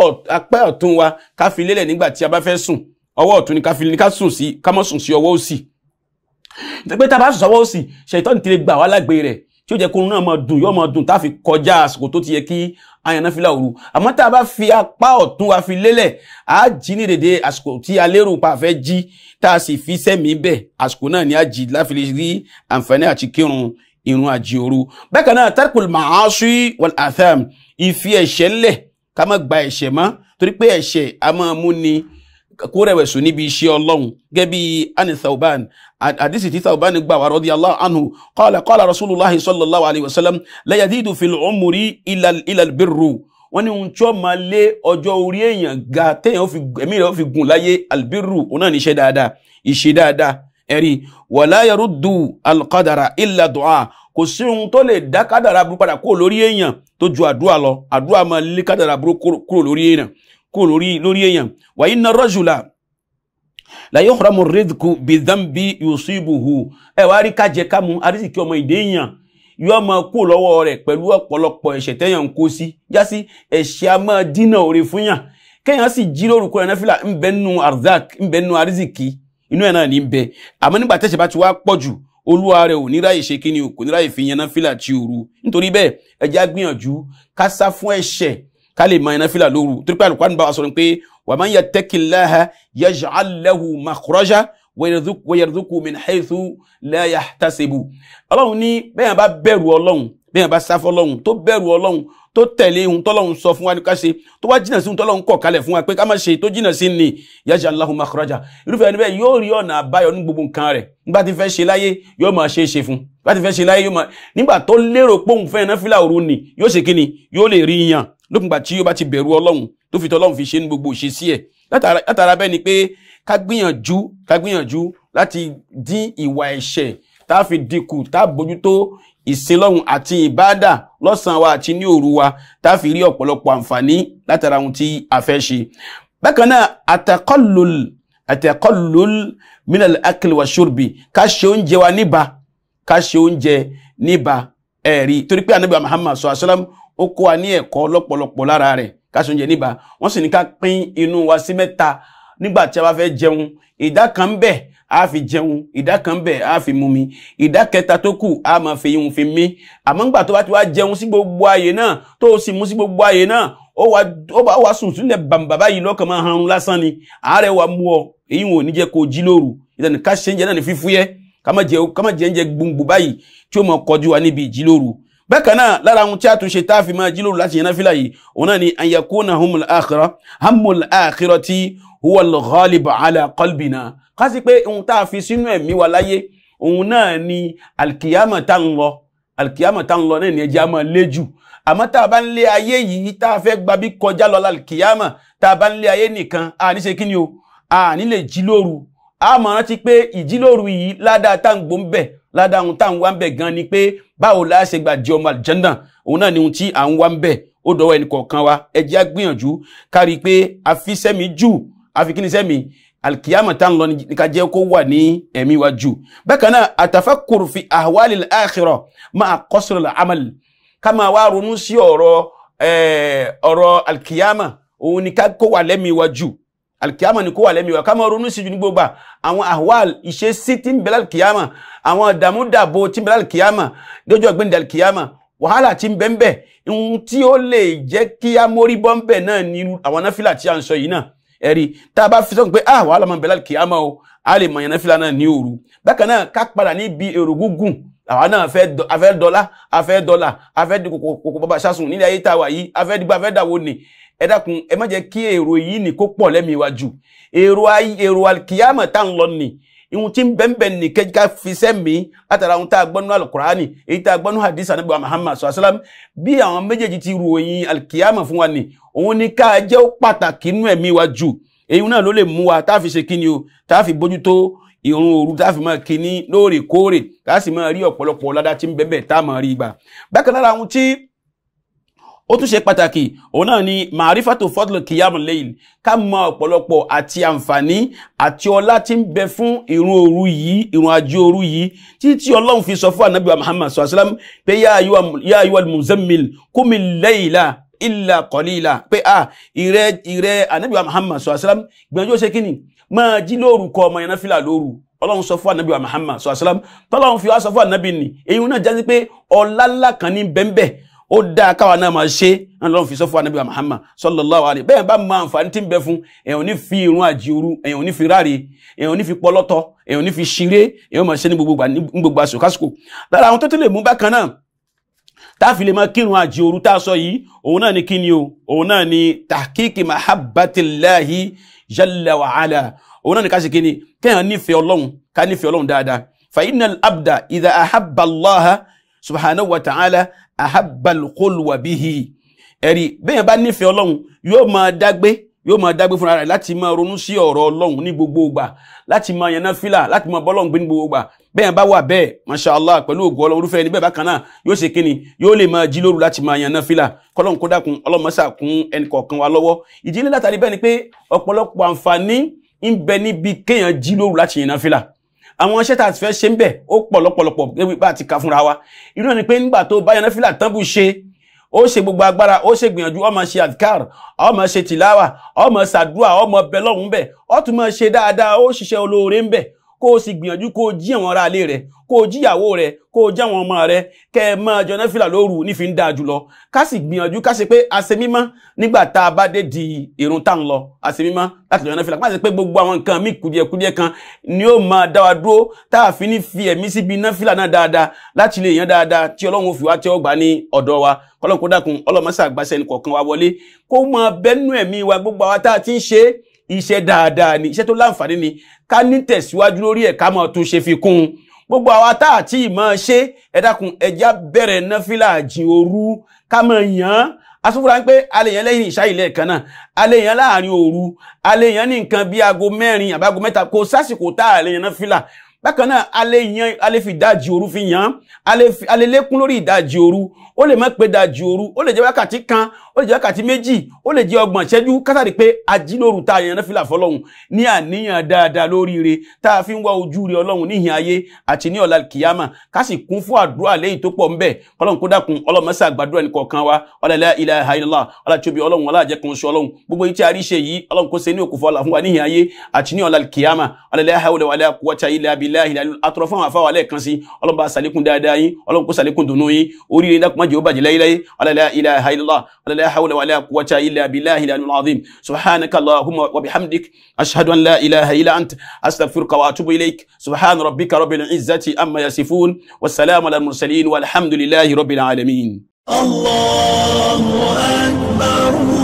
ọ̀tún wa ká fi lélẹ̀ nígbà tí a bá fẹ́ sùn ọwọ́ ọ̀tún ni ká fi ní ká sùn sí ká mọ́ sùn sí ọwọ́ òsì pé tá a bá sùn sọ́wọ́ òsì ṣètọ́ ní tirẹ̀ gbà wá lágbe rẹ̀ tí ó jẹ́ kó náà máa dùn yóò máa dùn tá kọjá àsìkò tó ti yẹ kí ayànná fìlà òru àmọ́ tá a bá fi apá ọ̀tún wa fi lélẹ̀ á jí ní dèdè àsìkò tí a lérò pa àfẹ́ jí tá a sì fi sẹ́mi bẹ̀ àsìkò náà ni a jí láfi lè rí àǹfààní àti kírun irun àjí òru bákan náà tarkul ma'asi wal atham ìfi ẹ̀ṣẹ̀ lẹ̀ ká má gba ẹ̀ṣẹ̀ mọ́ torí pé ẹ̀ṣẹ̀ a máa mú ni kó rẹ̀wẹ̀sùn níbi iṣẹ́ ọlọ́run gẹ́bí ani thauban àdísì tí thauban gbà wà radiyallahu anhu qala qala rasulullahi sallallahu alayhi wa sallam la yazidu fil umri illa al birru wọ́n ní ohun tí ó máa lé ọjọ́ orí èèyàn ga téèyàn ẹ̀mí rẹ̀ ó fi gùn láyé al birru òun náà níṣẹ́ dáadáa ìṣe dáadáa ẹ̀rí wala yaruddu al qadara illa du'a kò sí ohun tó lè dá kádàrà burú padà kúrò lórí èèyàn tó ju àdúrà lọ àdúrà máa lé kádàrà burú kúrò lórí èèyàn kó lórí lórí èèyàn wa inna rajula la yuhramu rizqu bi dhanbi yusibuhu ẹ wá rí kájẹ kámu arísìkí ọmọ ìdè èèyàn yóò máa kó lọ́wọ́ rẹ̀ pẹ̀lú ọ̀pọ̀lọpọ̀ ẹ̀ṣẹ̀ tẹ́yàn ń kó sí já sí ẹ̀ṣẹ̀ a máa dínà òre fún yàn kéèyàn sì jíròrò kúrò náfìlà ń bẹ nínú arzak ń bẹ nínú arísìkí inú ẹ̀ náà ní bẹ àmọ́ nígbà tẹ́ṣẹ̀ bá ti wá pọ̀ jù olúwa rẹ̀ ò ní ráyè ṣe kí ni kò ní ráyè fi yan náfìlà tí òru nítorí bẹ́ẹ̀ ẹja gbìyànjú ká fún ẹ̀ṣẹ̀ ká lè mọ iná fìlà lóru torí pé Al-Qur'an bá wa sọ pé wa man yattaqillaha yaj'al lahu makhraja wa yarzuqhu min haythu la yahtasibu. ọlọ́run ní bẹ́ẹ̀ bá bẹ̀rù ọlọ́run bẹ́ẹ̀ bá sáfọ́ ọlọ́run tó bẹ̀rù ọlọ́run tó tẹ̀lé ohun tọ́lọ́run sọ fún wa ní ká ṣe tó wá jìnnà sí ohun tọ́lọ́run kọ̀ kalẹ̀ fún wa pé ká má ṣe tó jìnnà sí ni yaj'al lahu makhraja irúfẹ́ nígbà tó lérò pé òun fẹ́ náà fìlà òru ni yóò ṣe kíni yóò lè rí yan lópingbà tí ó bá ti bẹ̀rù ọlọ́run tó fi tọ́lọ́run fi ṣe ní gbogbo ìṣesí ẹ̀ látara bẹ́ẹ̀ ni pé ká gbìyànjú ká gbìyànjú láti dín ìwà ẹ̀ṣẹ̀ tá a fi dínkù tá a bójútó ìsinlọ́run àti ìbáàdà lọ́sàn-án wa àti ní òru wa tá a fi rí ọ̀pọ̀lọpọ̀ àǹfààní látara ohun tí a fẹ́ ṣe. bákan náà àtàkọ́lùl àtàkọ́lùl minal akil wa shurbi ká ṣe oúnjẹ wa níbà ká ṣe oúnjẹ níbà ẹ̀rí torí pé anábìá Muhammad sọ àṣọlám ó kó wa ní ẹ̀kọ́ lọ́pọ̀lọpọ̀ lára rẹ̀ ká ṣe oúnjẹ níbà wọ́n sì ní ká pín inú wa sí mẹ́ta nígbà tí a bá fẹ́ jẹun ìdá kan ń bẹ̀ a fi jẹun ìdá kan ń bẹ̀ a fi mumi ìdá kẹta tó kù a máa fi ihun fi mí àmọ́ ńgbà tó bá ti wá jẹun sí gbogbo ààyè náà tó o sì mú sí gbogbo ààyè náà ó wá ó wá wá sùn sílẹ̀ bàbá yìí lọ́kàn máa hanrun lásán ni àárẹ̀ wa mú ọ èyí ò ní jẹ́ kó o jí lóru ìdánìká ṣe ń jẹ náà ní fífúyẹ́ ká má jẹ ń jẹ gbùngbùn báyìí tí ó máa kọjú wa níbi ìjí lóru bákan náà lára àwọn tí a tún ṣe tá a fi máa jílòrò láti yẹn fílà yìí òun náà ni an yakuna humul akhirah hamul akhirati huwa al-ghalib ala qalbina ká sí pé ohun tá a fi sínú ẹ̀mí wa láyé òun náà ni alkiyama tá ń lọ náà ni ẹja máa lé jù àmọ́ tá a bá ń lé ayé yìí tá a fẹ́ gba bí kọjá lọ alkiyama tá a bá ń lé ayé nìkan a ní ṣe kí ni o a ní lè jílòrò a máa rántí pé ìjílòrò yìí ládàá tá ń gbó ń bẹ̀ ládàá ohun tá à ń wá ń bẹ̀ gan ni pé báwo la ṣe gbà di ọmọ àlùjànnà òun náà ni ohun tí à ń wá ń bẹ̀ ó dọwọ́ ẹnì kọ̀ọ̀kan wa ẹ jẹ́ á gbìyànjú kárí pé àfisẹ́mi jù àfikínisẹ́mi alkiyama tá ń lọ ní ká kó wà ní ẹ̀mí wa jù bákan náà àtàfàkùrù fi ahwalil akhirah máa qasrul amal ká máa wá ronú sí ọ̀rọ̀ ọ̀rọ̀ alkiyama òun ni ká kó wà lẹ́mí wa jù alikiyama ni kó wà lẹ́mìí wa ká máa ronú sí ní gbogbo àwọn ahwal ìṣesí tí ń bẹ alikiyama àwọn dàmúdàbò tí ń bẹ alikiyama lọ́jọ́ ọ̀gbìn alikiyama wàhálà tí ń bẹ ń bẹ ohun tí ó lè jẹ́ kí a mórí bọ́ ń bẹ náà ni àwọn náfìlà tí a ń sọ yìí náà ẹ̀rí tá a bá fi sọ́n pé ah wàhálà máa ń bẹ alikiyama o a lè mọ̀ yẹn náfìlà náà ní òru bákan náà ká padà níbi èrò gúngùn àwa náà afẹ́ dọ́là afẹ́ dọ́là afẹ́ dikòkò bàbá sásùn nílẹ̀ ayé tá a wà yìí afẹ́ dìgbà afẹ́ dàwọ̀ nì ẹ dákun ẹ má jẹ́ kí èrò yìí ní kó pọ̀ lẹ́mìí wa jù èrò ayé èrò alikiyama tá ń lọ nì ihun tí ń bẹ́ẹ̀nbẹ́ ní kẹ́kẹ́ fi sẹ́mi látara ohun tá a gbọ́nú alukurani èyí tá a gbọ́nú hadith anabi wa muhammad sọ asalam bí àwọn méjèèjì ti ròyìn alikiyama fún wa nì òun ni ká jẹ́ pàtàkì nínú ẹ̀mí wa jù èyí náà ló lè mú wa tá a fi ṣe kí ni o tá a fi bójú tó ìrun òru tá a fi máa kíní lóòrèkóòrè tá a sì máa rí ọ̀pọ̀lọpọ̀ ládá tí ń bẹ́ẹ̀ tá a máa rí gbà bákan lára ohun tí ó tún ṣe pàtàkì òun náà ni màrífàtò fọdùlù kìyàmù lẹ́yìn ká mọ ọ̀pọ̀lọpọ̀ àti àǹfààní àti ọlá tí ń bẹ fún ìrun òru yìí ìrun àjò òru yìí títí Ọlọ́run fi sọ fún anabi Muhammad sọ àṣàlám pé yá ayúwa muzammil kúmi lẹ́yìnlá ìlà kọ̀lìlà pé a ìrẹ ìrẹ anabi Muhammad sọ àṣàlám gbìyànjú ó ṣe kíni máa jí lóru kọ ọmọ yẹn náà fìlà lóru ọlọ́run sọ fún ànábì Muhammad sọ àṣàlám tọ́lọ́run fi wá sọ fún ànábì ni èyí ó dáa káwa náà máa ṣe ọlọ́run fi sọ fún anabi Muhammad sallallahu alaihi bẹ́ẹ̀ bá máa àǹfààní tí ń bẹ fún èèyàn ní fi irun àjìoru èèyàn ní fi ráre èèyàn ní fi pọlọ́tọ̀ èèyàn ní fi ṣeré èèyàn máa ṣe ní gbogbo àsìkò kásìkò lára àwọn tó tún lè mú bákan náà táàfin lè máa kírun àjì òru tá a sọ yìí òun náà ni kí ni o òun náà ni tahqiqi mahabbatillahi jalla wa òun náà ni ká ṣe kí ni kéèyàn ahabalukolu wabihi ẹ̀rí bẹ́ẹ̀ bá nífẹ̀ẹ́ ọlọ́run yóò máa dágbé yóò máa dágbé fúnra rẹ̀ láti máa ronú sí ọ̀rọ̀ ọlọ́run ní gbogbo ìgbà láti máa yànnà fílà láti máa bọ́lọ́run gbé ní gbogbo ìgbà bẹ́ẹ̀ bá wà bẹ́ẹ̀ masha allah pẹ̀lú ògùn ọlọ́run irúfẹ́ ẹni bẹ́ẹ̀ bákan náà yóò ṣe kíni yóò lè máa jí lóru láti máa yànnà fílà kọ́lọ́n kó dákun ọlọ́mọṣà kún ẹnì kọ̀ọ̀kan wa lọ́wọ́ ìdílé látàrí bẹ́ẹ̀ àwọn iṣẹ́ tá a ti fẹ́ ṣe ń bẹ̀ ó pọ̀ lọ́pọ̀lọpọ̀ ewu bá ti ka fúnra wa irú ni pé nígbà tó bá yẹn fìlà tán bù ṣe ó ṣe gbogbo agbára ó ṣe gbìyànjú ó máa ṣe adkar ó máa ṣe tìláwà ó máa ṣàdúrà ó máa bẹ lọ́hùn bẹ̀ ó tún máa ṣe dáadáa ó ṣiṣẹ́ olóore ń bẹ̀ kó o sì gbìyànjú kó o jí àwọn ará ilé rẹ kó o jíyàwó rẹ kó o jáwọn ọmọ rẹ kẹ ẹ máa jọ náfìlà lóru nífi ń dáa jùlọ ká sì gbìyànjú ká ṣe pé a ṣe mímọ́ nígbà tá a bá dé di irun tá ń lọ a ṣe mímọ́ láti jọ náfìlà má ṣe pé gbogbo àwọn nǹkan mí kùdìẹ̀kùdìẹ̀ kan ni ó máa dá wa dúró tá a fi ní fi ẹ̀mí síbi náfìlà náà dáadáa láti lè yan dáadáa tí Ọlọ́run fi wá tí ó gbà ní ọ̀dọ̀ wa kọ́lọ́n dákun ọlọ́mọṣà iṣẹ́ dáadáa ni iṣẹ́ tó láǹfààní ni ká ní tẹ̀síwájú lórí ẹ̀ ká máa tún ṣe fi kún un gbogbo àwa tá àti ìmọ̀ ṣe ẹ dákun ẹja bẹ̀rẹ̀ náfìlà àjìn òru ká máa yàn án asúnfúnra ń pé a lè yàn lẹ́yìn ìṣá ilẹ̀ kan náà a lè yàn láàrin òru a lè ní nǹkan bíi aago mẹ́rin àbágo mẹ́ta kò sásìkò tá a lè bákan náà a yan a fi ìdajì òru fi yàn án lékún lórí ìdajì òru ó lè má pé ìdajì òru ó lè jẹ́ wákàtí kan ó lè jẹ́ wákàtí méjì ó lè jẹ́ ọgbọ̀n ìṣẹ́jú kásàdì pé ajílóru tá a yàn náfìlà fọlọ́hún ní àníyàn dáadáa lóríire tá a fi ń wá ojú rí ọlọ́hun níhìn ayé àti ní ọ̀la kìyàmà ká sì kún fún àdúrà lẹ́yìn tó pọ̀ ń bẹ̀ ọlọ́hun kó dákun ọlọ́mọṣẹ́ àgbàdúrà ní kọ̀ọ̀kan wa ọlọ́lá ilẹ̀ àìlọ́lá ọlọ́túbi ọlọ́hun ọlájẹkùn sọ ọlọ́hun gbogbo yìí tí a rí ṣe yìí ọlọ́hun kó ṣe ní òkùnfọ́ ọlá fún wa níhìn ayé àti ní ọ̀la kìyàmà ọlọ́lá haúlẹ̀ wàlẹ́ àkúwọ́ta ilẹ̀ abilá ilẹ̀ atọ́rọ̀ fún àwọn afáwà lẹ́ẹ̀kan sí ọlọ́ba àṣàlékún dáadáa yín ọlọ́hun kó ṣàlékún dùnú yín oríire dákun má jẹ́ ó bàjẹ́ láyé láyé ọlọ́lá ilẹ̀ àìlọ́lá ọlọ́lá حول ولا قوة إلا بالله العلي العظيم سبحانك اللهم وبحمدك أشهد أن لا إله إلا أنت أستغفرك وأتوب إليك سبحان ربك رب العزة أما يصفون والسلام على المرسلين والحمد لله رب العالمين الله أكبر